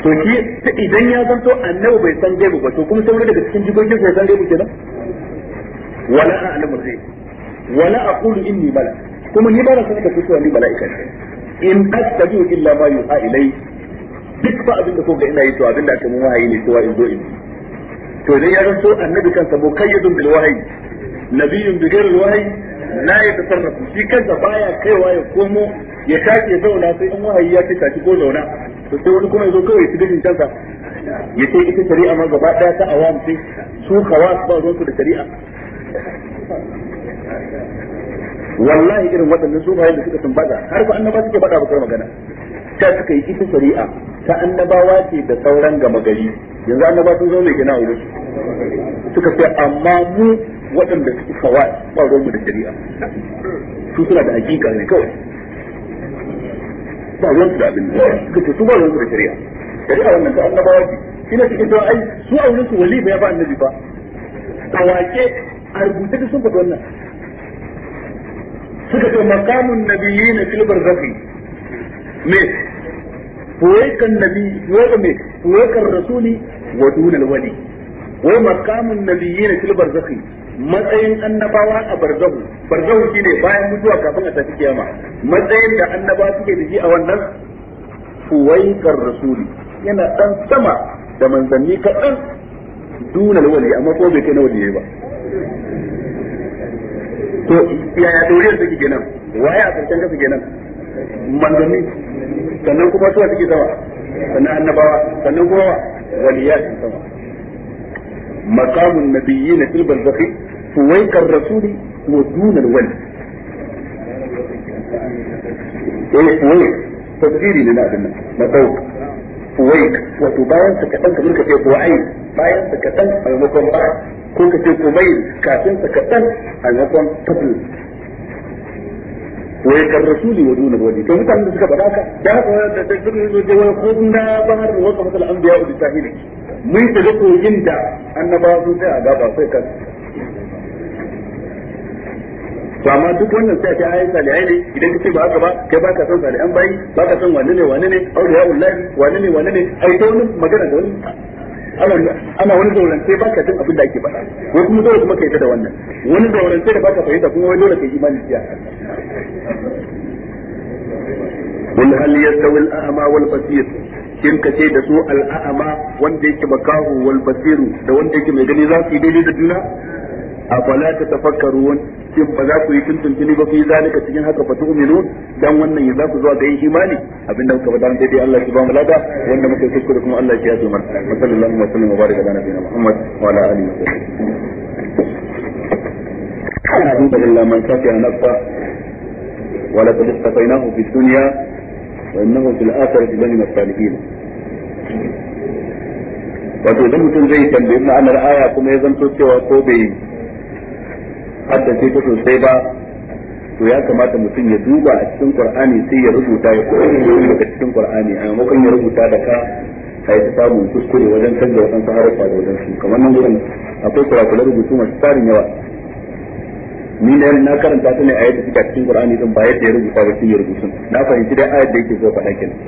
to shi idan ya zanto annabi bai san gaibi ba to kuma sai daga cikin jikokin sai san gaibi kenan wala a'lamu ghaib wala aqulu inni bala kuma ni ba na san ka cewa ni mala'ika ne in astaju illa ma yuha ilai duk ba abin da ko ga ina yi to abin da aka mun wahayi ne cewa in zo in to dai ya zanto annabi kansa mukayyadun bil wahayi nabiyyun bi ghairi wahayi la yatasarrafu shi kansa baya kaiwa ya komo ya tashi zauna sai in wahayi ya ce tashi ko zauna to sai wani kuma ya zo kawai su gidin kansa ya ce ita shari'a ma gaba daya ta awam sai su khawas ba zo su da shari'a wallahi irin waɗannan sufayen da suka tumbaza har ba annaba suke faɗa ba kai magana ta suka yi ita shari'a ta annabawa ce da sauran gama gari yanzu annaba sun zo mai gina wurin suka ce amma mu waɗanda suke kawai ba mu da shari'a su suna da hakika ne kawai ba su da abin da suka ce su ba ruwansu da shari'a shari'a wannan ta annabawa ce shi ne cikin ai su a wurin su wali ya ba annabi ba a wace a rubuce da sun faɗi wannan suka ce makamun nabiyyi na silbar zafi me fuwaikan nabi fuwaikan me fuwaikan rasuli wa dunal wali wai makamun nabiyyi na silbar zafi matsayin annabawa a barzahu barzahu shine bayan mutuwa kafin a tafi kiyama matsayin da annabawa suke da shi a wannan fuwaikan rasuli yana dan sama da manzanni kaɗan dunal wali amma ko bai kai na wali ba to yaya doriyar take kenan waye a karshen kasu kenan manzanni sannan kuma suwa take sama sannan annabawa sannan kuma waliya sun sama maqamun nabiyyin fil barzakhi fuwaikar rasuli wa dunal wali eh fuwaik tafsiri ne na abin nan na kuwait wato bayan ka kadan ka ka ce kuwait bayan ka kadan a maimakon ba ko ka ce kumail kafin ka kadan a maimakon tabl wa yakar rasuli wa duna wadi to mutanen da suka bada ka da haka da duk ne zo je wa kunna bahar wa qahtal anbiya wa tahili mun shiga ko da annabawa sun tsaya ba sai ka to amma duk wannan sai ta ayi salihai ne idan kace ba haka ba kai ba ka son an bai ba ka son wanne ne wanne ne auliya wallahi wanne ne wanne ne ai ta wani magana da wani ana wani zaurance ba ka jin abin da ake faɗa ko kuma dole kuma kai da wannan wani zaurance da ba ka fahimta kuma wai dole ka yi kun hal yastawi al-a'ma wal basir kin ka ce da su al-a'ma wanda yake makahu wal basir da wanda yake mai gani za su yi daidai da juna afala ta tafakkarun cikin ba za ku yi tuntuntuni ba ku yi zalika cikin haka fa tu'minu dan wannan ya za ku zuwa ga yin imani abinda muka faɗa daidai Allah ya ba mu lada wanda muka kuskure kuma Allah ya ji mu sallallahu wa sallam wa baraka ala nabiyina Muhammad wa ala alihi wa sahbihi ana duba illa man safi an nafsa wa laqad istafainahu fi dunya wa innahu fil akhirati lamin as-salihin wato idan mutum zai tambayi ma'anar aya kuma ya zanto cewa ko bai haddace ta sosai ba to ya kamata mutum ya duba a cikin qur'ani sai ya rubuta ya koyi daga cikin qur'ani a maimakon ya rubuta da ka kai ta samu kuskure wajen canza wasan harufa da wajen su kamar nan gurin akwai kurakulan rubutu masu tsarin yawa ni da na karanta ta ne a yadda suka cikin qur'ani din ba yadda ya rubuta ba sai ya rubutu na fahimci dai ayat da yake so faɗa kenan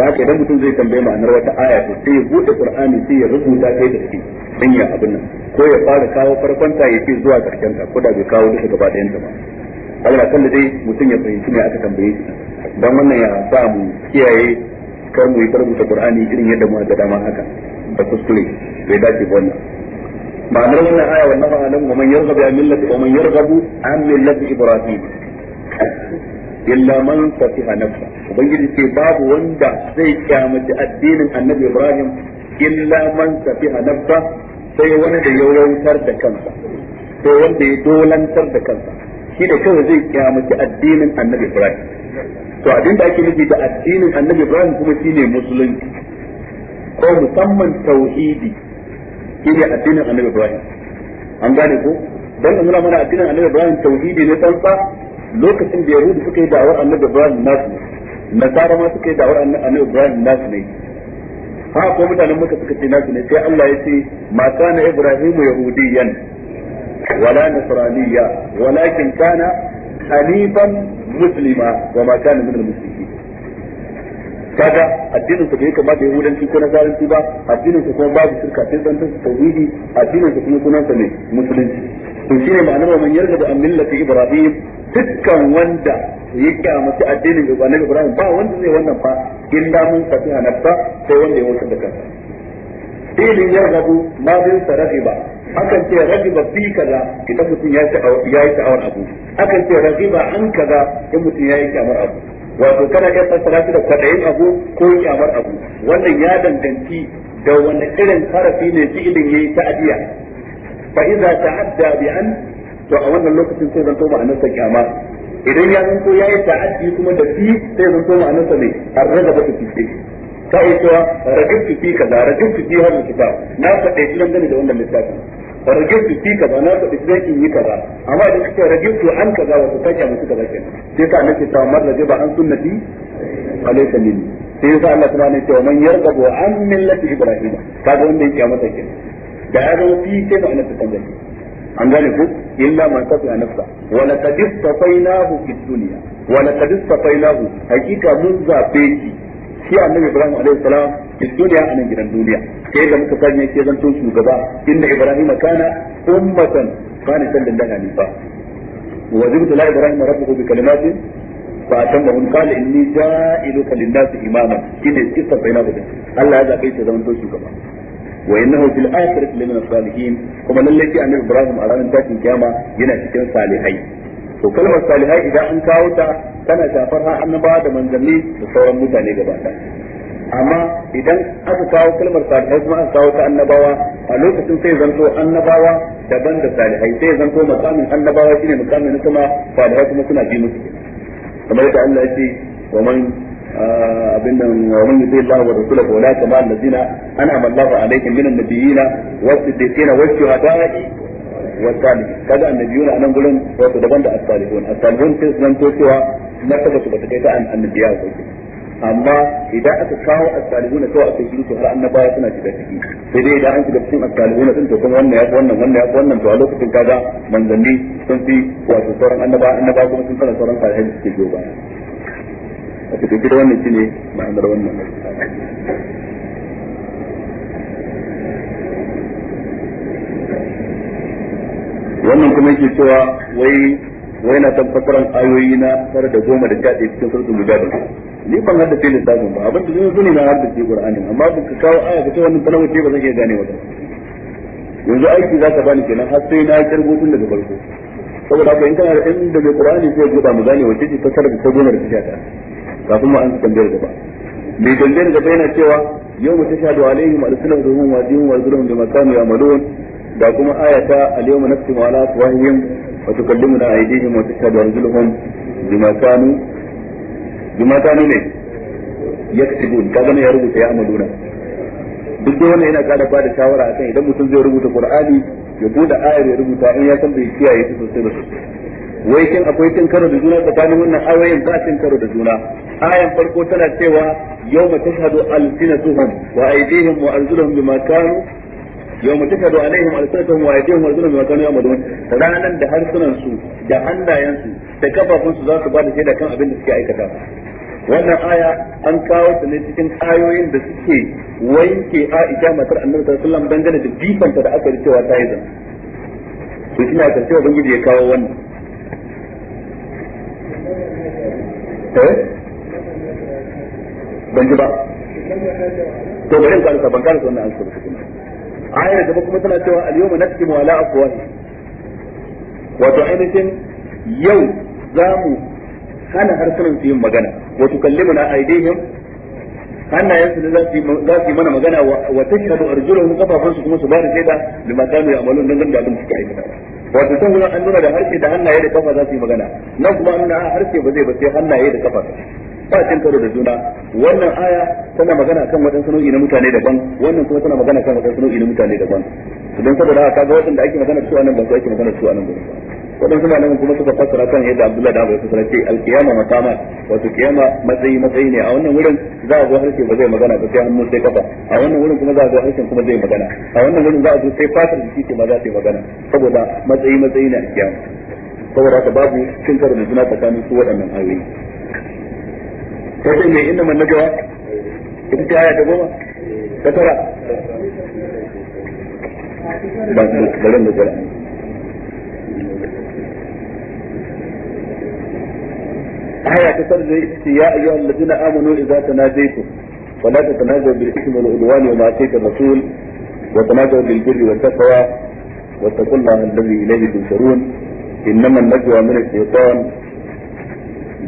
da haka idan mutum zai tambaye ma'anar wata aya to sai ya bude qur'ani sai ya rubuta kai da shi dan ya abin nan ko ya fara kawo farkon ta yace zuwa karshen ta ko da bai kawo duka gaba ɗayan ta ba Allah kan dai mutum ya fahimci ne aka tambaye shi dan wannan ya ba mu kiyaye kar mu yi rubuta qur'ani irin yadda mu da dama haka da kuskure bai dace ba wannan ma'anar wannan aya wannan ma'anar wa man yarghabu an millati wa man yarghabu an millati ibrahim illa man fatiha nafsa ubangiji ce babu wanda zai kyamaci addinin annabi ibrahim illa man fatiha nafsa sai wani da ya rautar da kansa sai wanda ya dolantar da kansa shi da kawai zai addinin annabi ibrahim to abin da ake nufi da addinin annabi ibrahim kuma shine musulunci ko musamman tauhidi shine addinin annabi ibrahim an gane ko dan nuna mana addinin annabi ibrahim tauhidi ne tsantsa lokacin da yahudu suka yi da'awar annabi ibrahim nasu ne nasara ma suka yi da'awar annabi ibrahim nasu ne ha ko mutanen maka suka ce nasu ne sai Allah ya ce ma kana ibrahim yahudiyan wala nasraniya walakin kana hanifan muslima wa ma kana min al-muslimin kaga addinin sa bai kamata yahudanci ko nasaranci ba addinin su kuma babu shirka sai dan tauhidi addinin sa kuma sunan sa ne musulunci to ne ma'anar wa man yarda an millati ibrahim dukkan wanda ya kyamata addinin annabi ibrahim ba wanda zai wannan fa illa mun fatiha nafsa sai wanda ya wuce da kansa ilin yarhabu ma bin sarafiba akan ce ragiba fi kaza idan mutum ya yi sha'awar abu akan ce ragiba an kaza idan mutum ya yi kyamar abu wato kana iya fassara shi da kwadayin abu ko kyamar abu wannan ya danganci da wani irin harafi ne fi'ilin yayi ta'adiya fa idza ta'adda bi an to a wannan lokacin sai zanto ma'anar sa kyama idan ya zanto yayi ta'addi kuma da fi sai zanto ma'anar sa ne arraba ta fi ka yi cewa ragabtu fi kaza ragabtu fi hadin kitab na faɗe shi dangane da wannan littafin ragabtu fi kaza na faɗe shi dan yi kaza amma idan kake ragabtu an kaza wato ta kyamu su kaza kenan sai ka nake ta mar ba an sunnati alaysa minni sai yasa Allah subhanahu wa ta'ala ya ce man yarghabu an millati ibrahim kaga wanda yake masa kenan da ya zama fi kai ma'anar ta kan shi an gane ku illa man tafi a nafsa wa laqad istafainahu fid dunya wa laqad istafainahu hakika mun zabe shi shi annabi ibrahim alaihi salam duniya dunya anan gidan duniya sai da muka sanya ke zanto shugaba inna ibrahim kana ummatan kana sallan da hanifa wa zibtu la ibrahim rabbuhu bi kalimatin fa atammahum qala inni ja'iluka lin-nasi imama shine istafainahu Allah ya zabe shi zanto shugaba wa innahu fil akhirati lamin salihin kuma lalle ki annabi Ibrahim a ranar tashin kiyama yana cikin salihai to kalmar salihai idan an kawo ta tana shafar har annabawa da manzanni da sauran mutane gaba amma idan aka kawo kalmar salihai kuma aka kawo ta annabawa a lokacin sai zanto annabawa daban da salihai sai zanto makamin annabawa shine makamin kuma salihai kuma suna bi musu kamar yadda Allah ya ce wa man abin da wani yi kama ana mallahu alaikum minan nabiyina was-siddiqina wash-shuhada'i was kaga annabiyuna anan gurin daban da sai to cewa na saka su bata kai ta annabiya ko amma idan aka kawo to aka yi har annabawa suna shiga ciki sai dai idan an shiga cikin to kuma wannan ya wannan wannan ya wannan to a lokacin kaga manzanni sun fi wato sauran annabawa annabawa kuma sun fara sauran da suke a cikin gida wannan shine ma'anar wannan wannan kuma yake cewa wai wai na tabbatar ayoyi na tare da goma da sha ɗaya cikin surutun mujadala ni ban hada sai lissafin ba abin da zai zuni na hada ce qur'anin amma ba ka kawo aya ka ce wannan talawa ce ba zan iya gane wata yanzu aiki za ka bani kenan har sai na kirgo tun daga farko saboda haka in kana da inda mai qur'ani sai ya gida mu gane wace ce ta sarrafa ta goma da sha ɗaya kafin ma an tambayar gaba mai tambayar gaba yana cewa yau mu tashhadu alaihim alsunuhum wa dihum wa zulhum bima kanu ya'malun da kuma ayata al-yawma naktimu ala afwahihim wa tukallimuna aydihim wa tashhadu arjuluhum bima kanu bima kanu ne yaktubun kaga ne ya rubuta ya amaluna duk da wannan yana kada bada shawara akan idan mutum zai rubuta qur'ani ya bude ayar ya rubuta in ya san bai kiyaye ta sosai ba sosai wai kin akwai cin karo da juna tsakanin wannan ayoyin ba cin karo da juna ayan farko tana cewa yawma tashhadu alsinatuhum wa aydihim wa arjuluhum bima kanu yawma tashhadu alaihim alsinatuhum wa aydihim wa arjuluhum bima kanu yamadun ranan da harsunan su da hannayen su da kafafun su za su bada shaida kan abin da suke aikata wannan aya an kawo ta ne cikin ayoyin da suke wanke Aisha matar Annabi sallallahu alaihi wasallam dangane da bifanta da aka yi cewa ta yi zan to shi ne ubangiji ya kawo wannan eh ban ji ba to bari in karanta ban karanta wannan ansa ba tukuna ayar gaba kuma tana cewa al-yawma naktimu ala afwahi wato ainihin yau za mu hana harsunan su yin magana wato kallimuna aidihim hannayensu ne za su yi mana magana wa wani kafafun kafafunsu kuma su ba da shaida lima kanu ya'malun don da suke suka aikata wato sun gudan an nuna da harshe da hannaye da kafa za su yi magana nan kuma an nuna harshe ba zai ba sai hannaye da kafa ba cin karo da juna wannan aya tana magana kan waɗansu nau'i na mutane daban wannan kuma tana magana kan waɗansu nau'i na mutane daban don saboda haka ga waɗanda ake magana su a nan ba su ake magana su a nan ba wadansu malaman kuma suka fassara kan yadda abdullahi da Abu Sufyan ce al matama wato kiyama matsayi matsayi ne a wannan wurin za a zo harshe ba zai magana ba sai hannu sai kafa a wannan wurin kuma za a zo harshen kuma zai magana a wannan wurin za a zo sai fatar jiki ce ma za ta yi magana saboda matsayi matsayi ne a kiyama saboda haka babu cin karo da juna tsakanin su waɗannan ayoyi ta mai inna mannajawa ita ce aya ta goma ta tara ba su da آية تسري يا أيها الذين آمنوا إذا تناجيتم فلا تتنازعوا بالإثم والعدوان وما أتيت الرسول وتنازعوا بالبر والتقوى واتقوا الله الذي إليه تنشرون إنما النجوى من الشيطان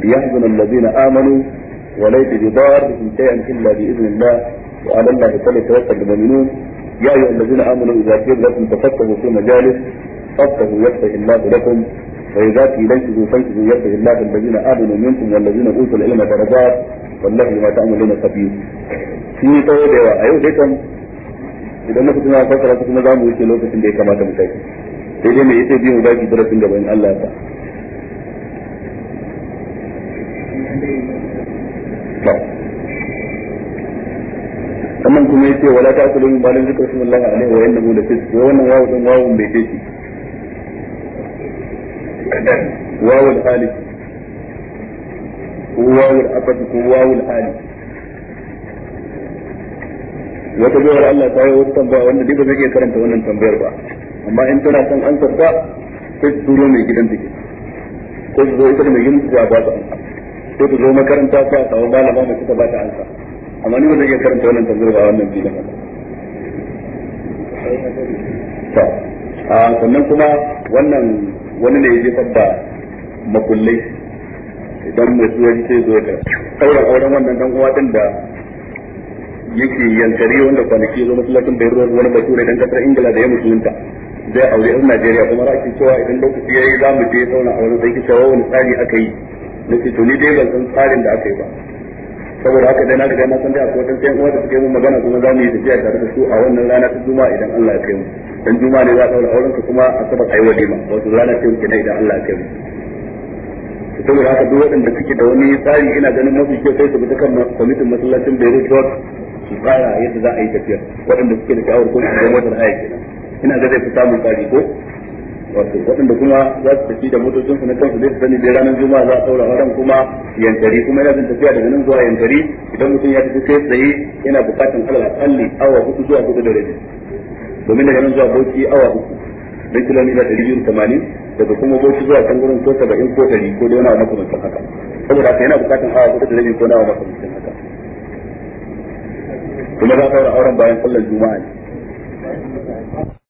ليحزن الذين آمنوا وليس بضارهم شيئا إلا بإذن الله وعلى الله فليتوكل المؤمنون يا أيها الذين آمنوا إذا قيل لكم تفقهوا في مجالس فافقهوا يفتح الله لكم فإذا قيل انفذوا فانفذوا يرفع الله الذين آمنوا منكم والذين أوتوا العلم درجات والله ما تعملون خبير. في طويلة أيوه ديكم idan na kuma fasara su kuma za mu wuce lokacin da ya kamata mu tafi sai dai me yace biyu mu baki darasin da Allah ta kamar kuma yace wala ta'kulu min balin zikra sallallahu alaihi wa innahu la fisq wannan wawu din wawun bai ce wawul hali ko wawul afati ko wawul hali wata jawar Allah ta yi wata tambaya wanda dai ba zai iya karanta wannan tambayar ba amma in tana son an tarta sai su turo mai gidan take ko su zo ita mai yin ta ba ta sai ku zo makaranta ta ba malama mai kuka ba ta ansa amma ni ba zai iya karanta wannan tambayar ba wannan filin ta a sannan kuma wannan wani ne ya jefar da makullai idan mai suwa ce zo da sauran auren wannan dan uwa din da yake yankari wanda kwanaki zo masallacin bai ruwa wani bature idan kasar ingila da ya musulunta zai aure yan najeriya kuma ra'ayi cewa idan lokaci yayi za mu je sauna auren sai kike wani tsari aka yi nake to ni dai ban san tsarin da aka yi ba saboda haka dai na riga na san dai akwai wata sai uwa da suke mun magana kuma za mu yi tafiya tare da su a wannan rana ta juma'a idan Allah ya kai mu dan juma'a ne za a daura auren ka kuma a saba kai dima wato rana ce kenan idan Allah ya kai mu saboda haka duk waɗanda suke da wani tsari ina ganin mafi kyau sai su bi ta kan kwamitin masallacin Beirut Road su tsara yadda za a yi tafiyar waɗanda suke da sha'awar ko su zama motar haya kenan ina ga zai fi samun tsari ko wato waɗanda kuma za su tafi da motocin su na kansu zai sani da ranar juma'a za a saura ran kuma yankari kuma yana jin tafiya daga nan zuwa yankari idan mutum ya tafi kai tsaye yana bukatan alal akalli awa hudu zuwa hudu da rabi domin daga nan zuwa boki awa uku dan kilomita ɗari biyu tamanin daga kuma boki zuwa can gurin ko saba'in ko ɗari ko da wani abu makamancin haka saboda haka yana bukatan awa hudu da rabi ko na awa makamancin haka kuma za a saura auren bayan kallon juma'a ne